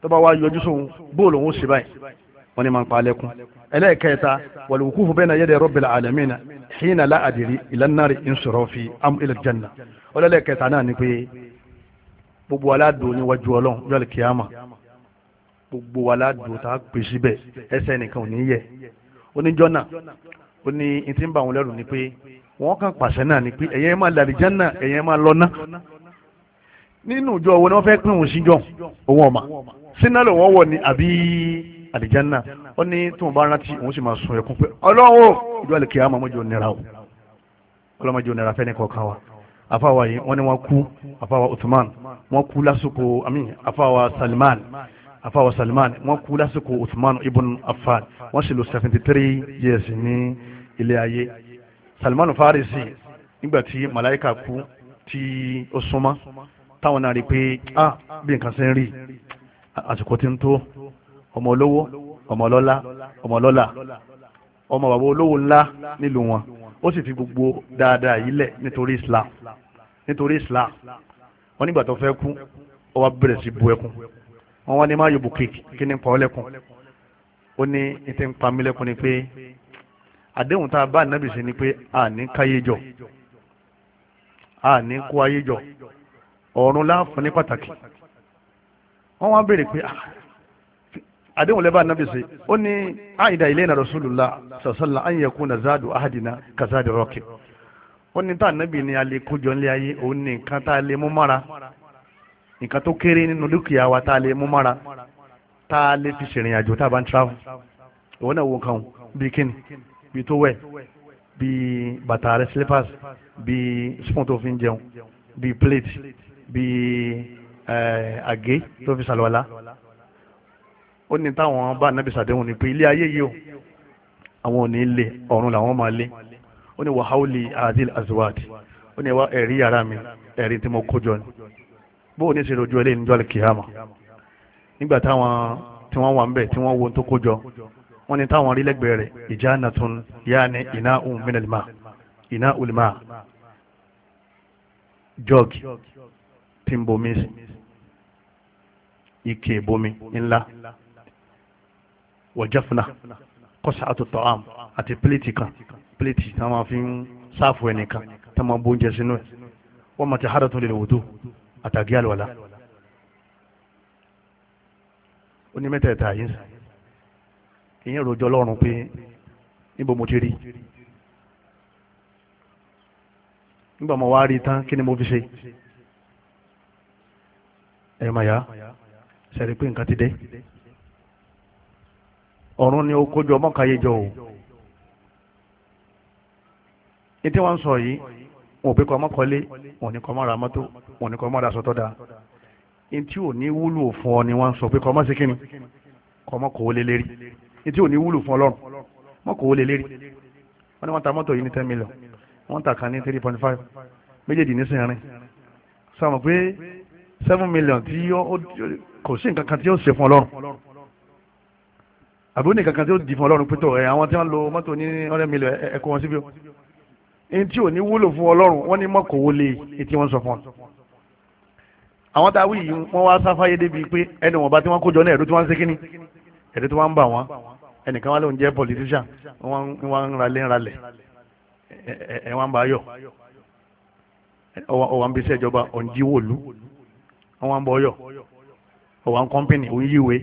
tó bá wá yọjú sóhun bóòlù òun ṣe báyìí wọ́n ní máa ń pa alẹ́kùn ẹlẹ́ẹ̀kẹta wàlúùkúfù bẹ́ẹ̀ na yẹ́dẹ̀ rọ́bìlà àlẹ́mìnà hìnà láàdìrí ìlànà ìṣòro fi am jẹ́nà ó náà ni pé gbogbo aládùn níwájú ọlọ́run yọ̀lì kìámà gbogbo aládùn tá a pè síbẹ̀ ẹsẹ̀ nìkan ò ní yẹ oníjọ́ náà ó ní ìtí ń bá wọn lẹ́rù ni pé wọ́n kàn pàṣẹ náà ni pé ẹ̀yẹ́ máa làlìjá náà ẹ̀yẹ́ máa lọ́nà nínú ìjọ owó ni wọ́n fẹ́ pín òun síjọ́ òun ọ̀mà sínú àlọ́ wọn wọ̀ ni àbí àlìjá náà ó ní tóun bá rántí òun sì máa sun ẹkún pé ọlọ́run ìjọ àlìkè àmọ́ ọmọdé ò nira o ọlọ́mọdé ò nira fẹ́ni kọ̀ọ̀kan wa afáwa yìí wọ́n ní wọ́n kú Uthman wọ́n kú lásìkò amin afáwa Salman afáwa Salman wọ́n kú lásìkò Uthman ibn Affan wọ́n sì lò seventy three years ní ilé ayé Salman Farisi nígbà tí malayika kú tí ó súnmọ́ táwọn náà rí i pé ah bí nǹkan ṣe ń rí àsìkò tí ń tó ọmọ olówó ọmọ ọlọ́lá ọmọ ọlọ́lá ọmọ bàbá olówó ńlá nílùú wọn ó sì fi gbogbo dáadáa yìí lẹ̀ nítorí Islam nítorí islam wọ́n nígbà tó fẹ́ kú ó wá bẹ̀rẹ̀ sí bu ẹkún wọ́n wá ní má yòbù kéèkì kí ni pa ọ́ lẹ́kùn ó ní ní ti ń pa mí ni pé àdéhùn tá a bá sí ni pé a ní káyé jọ a ní kó ayé jọ ọ̀run láǹfààní pàtàkì wọ́n wá bèrè pé ah, àdéhùn lẹ́bàá ànábì sí ó ní àyìndà ilé ìnà rasulullah sallallahu an yakuna zadu na kazadi rọ́kì ó ní tá ànábì ni a lè kójọ nílé ayé òun ní nǹkan tá a lè mú mára nǹkan tó kéré nínú dúkìá wa tá a lè mú mára tá a lè fi ṣèrìn àjò tá a bá ń travel òun náà wo nǹkan òun bíi kíni bíi tó wẹ̀ bíi bàtà rẹ slippers bíi spoon tó fi ń jẹun bíi plate bíi àgé tó fi ṣàlùwàlá ó ní táwọn bá ànábì ṣàdéhùn ni pé ilé ayé yìí o àwọn ò ní lè ọ̀run làwọn máa lé ó ní wàhálì adil azwad ó ní wá ẹ̀rí yàrá mi ẹ̀rí tí mo kó jọ ni bóun ní ṣèlójú ẹlẹ́yìn níjọ́ alikiyama nígbà táwọn tí wọ́n wà ń bẹ̀ tí wọ́n wo tó kó jọ wọ́n ní táwọn rí lẹ́gbẹ̀ẹ́ rẹ̀ ìjánatun yaani iná òun mínàlímà iná òlìmà jọ́ọ̀gì tí ń bomi ike bomi ńlá wọ̀jáfúnà kọ́sà àtútọ̀ àm àti pílẹ̀tì kan pléètì tí wọ́n máa fi ń sáàfù ẹnìkan tí wọ́n máa bó oúnjẹ sínú ẹ̀ wọ́n máa ti hádà tó lè lè wòdó àtàgé àlùwàlá ó ní mẹ́tẹ̀ẹ̀ta yìí ìyẹn rojọ́ lọ́rùn pé níbo mo ti rí nígbà mo wá rí tán kí ni mo fi ṣe ẹ máa yá sẹ́rí pé nǹkan ti dé ọ̀run ni ó kójọ mọ́kàyé jọ o ní tí wọ́n ń sọ yìí wọn ò pé kọ́ ọmọkọ́lé wọn ò ní kọ́ ọmọra mọ́tò wọn ò ní kọ́ ọmọra sọ́tọ́ da ní tí ò ní wúlò fún ọ ni wọ́n ń sọ pé kọ́ ọmọ sí kíni kọ́ ọmọ kò wọlé lérí ní ò ní wúlò fún ọlọ́run mọ́ kò wọlé lérí wọ́n ní wọ́n ta mọ́tò yìí ní ten million wọ́n ta kan ní three point five méjèèjì ní sẹ́yìn sọmọ pé seven million tí kò sí nǹkan kan tí yóò ṣe fún ọlọ́run àbúrò nìkan kan tí yóò dì fún ọlọ́run pé ẹ̀ àwọn tí wọ́n lo mọ́tò ní ọ̀rẹ́ mi lọ ẹ̀kọ́ wọn síbí o ẹni tí ò ní wúlò fún ọlọ́run wọ́n ní mọ́kòwó lé etí wọ́n sọ fún ọ. àwọn tá a wí yìí wọ́n wá sáfáyé débi pé ẹni wọ̀nba tí wọ́n kó jọ náà ẹ̀rú tí wọ́n ń ṣe kínní ẹ̀rú tí wọ́n ń bà wọ́n ẹnìkan wá lóun jẹ́ politician wọ́n ń ralé ń ralẹ̀ ẹ̀ wọ́n ń bá yọ̀ ọwọ́ ń bí iṣẹ́ ìjọba ọ̀njíwòlú wọ́n ń bọ́ yọ̀ ọwọ́ ń kọ́ńpìnì òun yíwe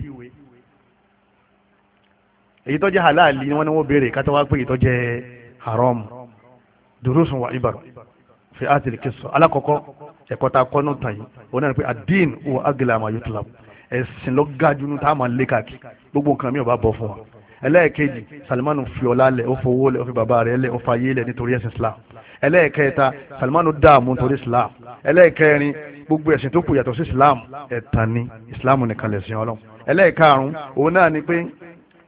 èyí tó jẹ́ halal ni wọ́n ní wọ́n béèrè kátó wá pé èyí tó jẹ́ haram durusun wa ibar fi àti kìsọ alákọ̀ọ́kọ́ ẹ̀kọ́ ta kọ́nù tàn yìí wọn náà pé adin wa agila ma yóò tula ẹ̀sìn lọ gájú ní táwọn máa lé káàkiri gbogbo nǹkan mi ò bá bọ̀ fún wa ẹlẹ́ẹ̀kejì salimanu fiọ́lá lẹ̀ ó fowó lẹ̀ ó fi bàbá rẹ̀ lẹ̀ ó fa yé lẹ̀ nítorí ẹ̀sìn islam ẹlẹ́ẹ̀kẹta salimanu dààmú nítorí islam ẹlẹ́ẹ̀kẹrin gbogbo ẹ̀sìn tó kù yàtọ̀ sí islam ẹ̀tàn ni islam nìkan lẹ̀sìn ọlọ́run ẹlẹ́ẹ̀karùn-ún òun náà ni pé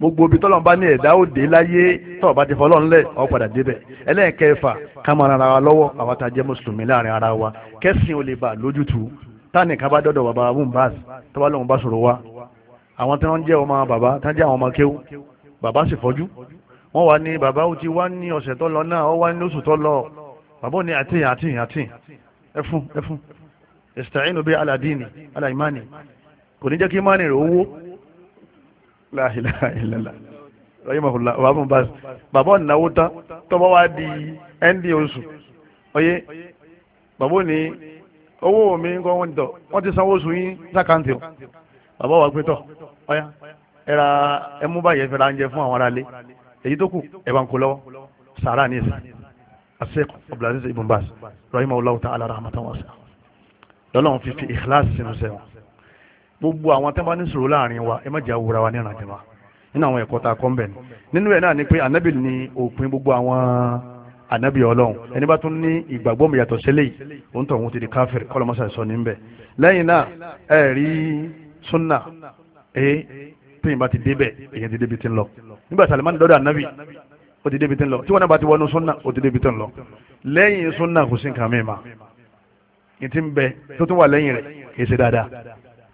gbogbo ibi tọ́lọ́n bá ní ẹ̀dá òde láyé tọ́ọ̀ bá ti fọ́ lọ́nlẹ̀ ọ̀ padà débẹ̀ ẹlẹ́ẹ̀kẹfà ká máa rara wa lọ́wọ́ àwa tá a jẹ́ mùsùlùmí láàrin ara wa kẹ́sìn ò lè bà lójútu táàní ká bá dọ́dọ̀ bàbá abúmbàz tó bá lóun bá sọ̀rọ̀ wa àwọn tí wọ́n jẹ́ ọmọ bàbá tí wọ́n jẹ́ àwọn ọmọ kéwú bàbá sì fọ́jú wọ́n wà ní bàbá ó ti wá ní ọ̀sẹ̀ tó náà ó wá ní oṣù tó láìláìlẹ́lá rahimahullah wa mú báyìí bàbá ọ̀nàwó tán tọ́bọ̀ wá di ẹ́ndì oṣù ọyẹ bàbá ò ní owó mi ń kọ́ wọ́n tọ̀ wọ́n ti sanwó oṣù yín sàkáǹtì o bàbá wa gbé tọ̀ ọyá ẹ̀ra ẹmú báyìí ẹ̀fẹ̀ ránjẹ fún àwọn aráalé èyí tó kù ẹ̀bà ń kó lọ́wọ́ sàárà ní ìsìn asek abdulaziz ibn baz rahimahullah ta'ala rahmatan wasa lọ́lọ́run fífi ikhlas sínú sẹ́wọ̀n gbogbo àwọn tẹ́ bá ní sòrò láàrin wa ẹ má jẹ́ àwòrán wa ní ìrànjẹ́má nínú àwọn ẹ̀kọ́ tá a kọ́ ń bẹ̀ ni nínú ẹ̀ náà ni pé ànábì ni òpin gbogbo àwọn ànábì ọlọ́run ẹni bá tún ní ìgbàgbọ́ mi yàtọ̀ sílẹ̀ yìí òun tó òun ti di káfíìrì kọ́lọ́ mọ́sá sọ ní bẹ̀ lẹ́yìn náà ẹ rí súnà ẹ tóyìn bá ti débẹ̀ èyàn ti débi ti ń lọ nígbà tí alimani dọ́dọ̀ ànábì ó ti débi ti ń lọ tí wọn bá ti wọnú súnà ó ti débi ti ń lọ lẹ́yìn súnà kò sí nǹkan mìíràn ìtì ń bẹ tó tún wà lẹ́yìn rẹ̀ kì í ṣe dáadáa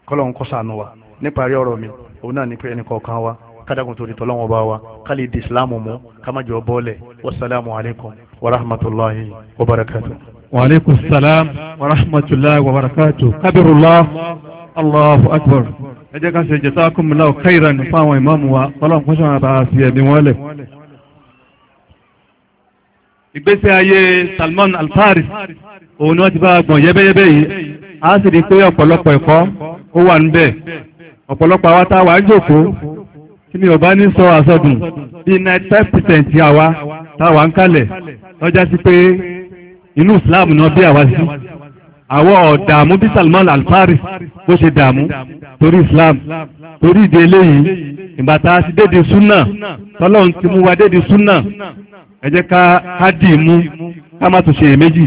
kọ́lọ́n kọ́ sànù wa níparí ọ̀rọ̀ mi òun náà ní pé ẹnì kọ̀ọ̀kan wa kádàkùn torí tọ́lọ́wọ́n bá wa ká lè di islam mú ká má jọ bọ́ọ̀lẹ̀ wasalaamu alaykum wa rahmatulahi wa barakatu. wa aleykum salaam wa rahmatulahi wa barakatu. kabirullah allahu akbar. ẹ jẹ́ ká ṣe jazakumullahu khairan fún àwọn ìmáàmù wa kọ́lọ́n kọ́ sànù bá fi ẹ̀mí wọn ìgbésẹ̀ ayé Salman al òun ni wọ́n ti bá gbọ̀n yẹ́bẹ́yẹ́bẹ́ yìí a sì rí pé ọ̀pọ̀lọpọ̀ ẹ̀kọ́ ó wà níbẹ̀ ọ̀pọ̀lọpọ̀ àwa tá a wà á jókòó kí ni ọba ní sọ àsọdùn bíi ninety five percent àwa tá ń kalẹ̀ lọ́jà sí pé inú Islam náà bí àwa sí àwọ̀ ọ̀dààmú bí Salman Al-Faris bó ṣe dààmú torí Islam torí ìdí eléyìí ìgbà tá a ti dédìí súnà tọ́lọ́run ti mú wa dédìí súnà ẹ jẹ́ ká dì í mú ká má tún ṣe èméjì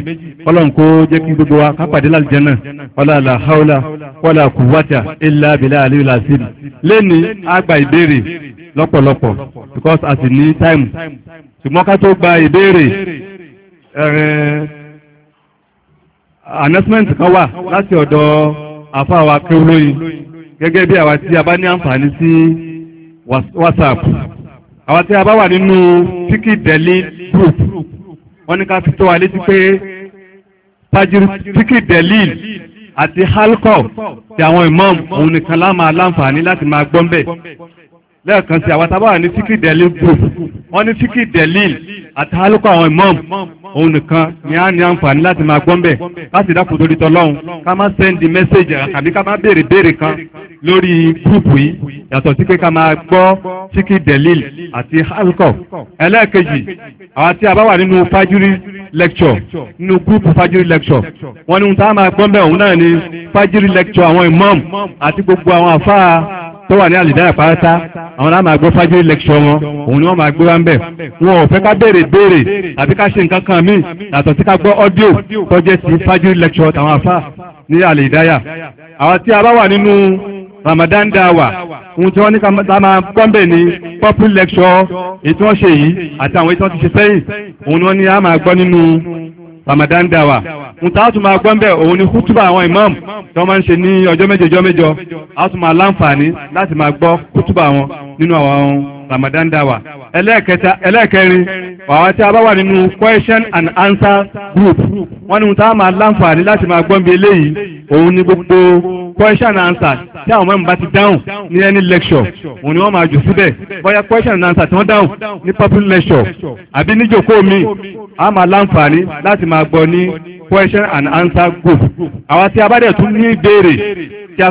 ọlọ́run kó jẹ́ kí gbogbo wa ká pàdé lálìjẹ́nà ọlọ́àlà haúlà wọ́là kùwátà ilẹ̀ abilẹ̀ aliyu lasiri lẹ́ni àgbà ìbéèrè lọ́pọ̀lọpọ̀ because a sì ní time ṣùgbọ́n ká tó gba ìbéèrè eh, announcement kan wà láti ọ̀dọ̀ àfáàwà kéwúlóyin gẹ́gẹ́ bí àwa tí a bá ní àǹfààní sí whatsapp àwọn tí a bá wà nínú tíkì dẹ̀lí group wọ́n ní ká fi tó wa létí pé tajiru tíkì dẹ̀lí àti halkọ ti àwọn imam òun nìkan láàmà aláǹfààní láti máa gbọ́n bẹ̀ lẹ́ẹ̀kan sí àwọn tábà ní tíkì dẹ̀lí group wọ́n ní tíkì dẹ̀lí àti halkọ àwọn imam òun nìkan ni a ní àǹfààní láti máa gbọ́n bẹ̀ láti dákòtò lítọ́ lọ́hùn ká má sẹ́ndì mẹ́sẹ̀jì àkàbí ká má béèrè béèrè kan lórí gúùpù yìí yàtọ̀ sí pé ká máa gbọ́ síkì delil àti halkov ẹlẹ́ẹ̀kejì àwọn tí a bá wà nínú fajiri lecture nínú gúùpù fajiri lecture wọ́n ní tá a máa gbọ́ bẹ́ẹ̀ òun náà ni fajiri lecture àwọn imam àti gbogbo àwọn àfáà tó wà ní àlìdáyà pátá àwọn náà máa gbọ́ fájúrí lẹ́kṣọ́ wọn òun ni wọ́n máa gbé wá ń bẹ̀ wọn ò fẹ́ ká béèrè béèrè àbí ká ṣe nǹkan kan míì yàtọ̀ sí ká gbọ́ ọ́díò tó jẹ́ ti fájúrí lẹ́kṣọ́ tàwọn afá ní àlìdáyà àwọn tí a bá wà nínú Ramadan dáwà ohun tí wọ́n ní ká máa kọ́ńbẹ̀ ní purple lecture èyí tí wọ́n ṣe yìí àtàwọn èyí tí sẹ́yìn òun ni wọ́n ní a máa gbọ́ nínú Ramadan dáwà ohun tí a tún máa gbọ́ńbẹ̀ òun ni kútùbà àwọn imam tí wọ́n máa ń ṣe ní ọjọ́ méje ọjọ́ méjọ a tún máa láǹfààní láti máa gbọ́ kútùbà wọn nínú àwọn Ramadan dáwà ẹlẹ́ẹ̀kẹta ẹlẹ́ẹ̀kẹrin àwọn tí a bá wà nínú question and answer group wọ́n ní ohun tí a máa láǹfààní láti máa gbọ́ńbẹ̀ eléyìí òun ni gbogbo question and answer tí àwọn mẹ́rin bá ti dáhùn ní any lecture òun ni wọ́n máa jù síbẹ̀ bóyá question and answer tí wọ́n dáhùn ní public lecture àbí níjòkó mi a máa láǹfààní láti máa gbọ́ ní question and answer group àwa tí a bá dẹ̀ tún ní ìbéèrè tí a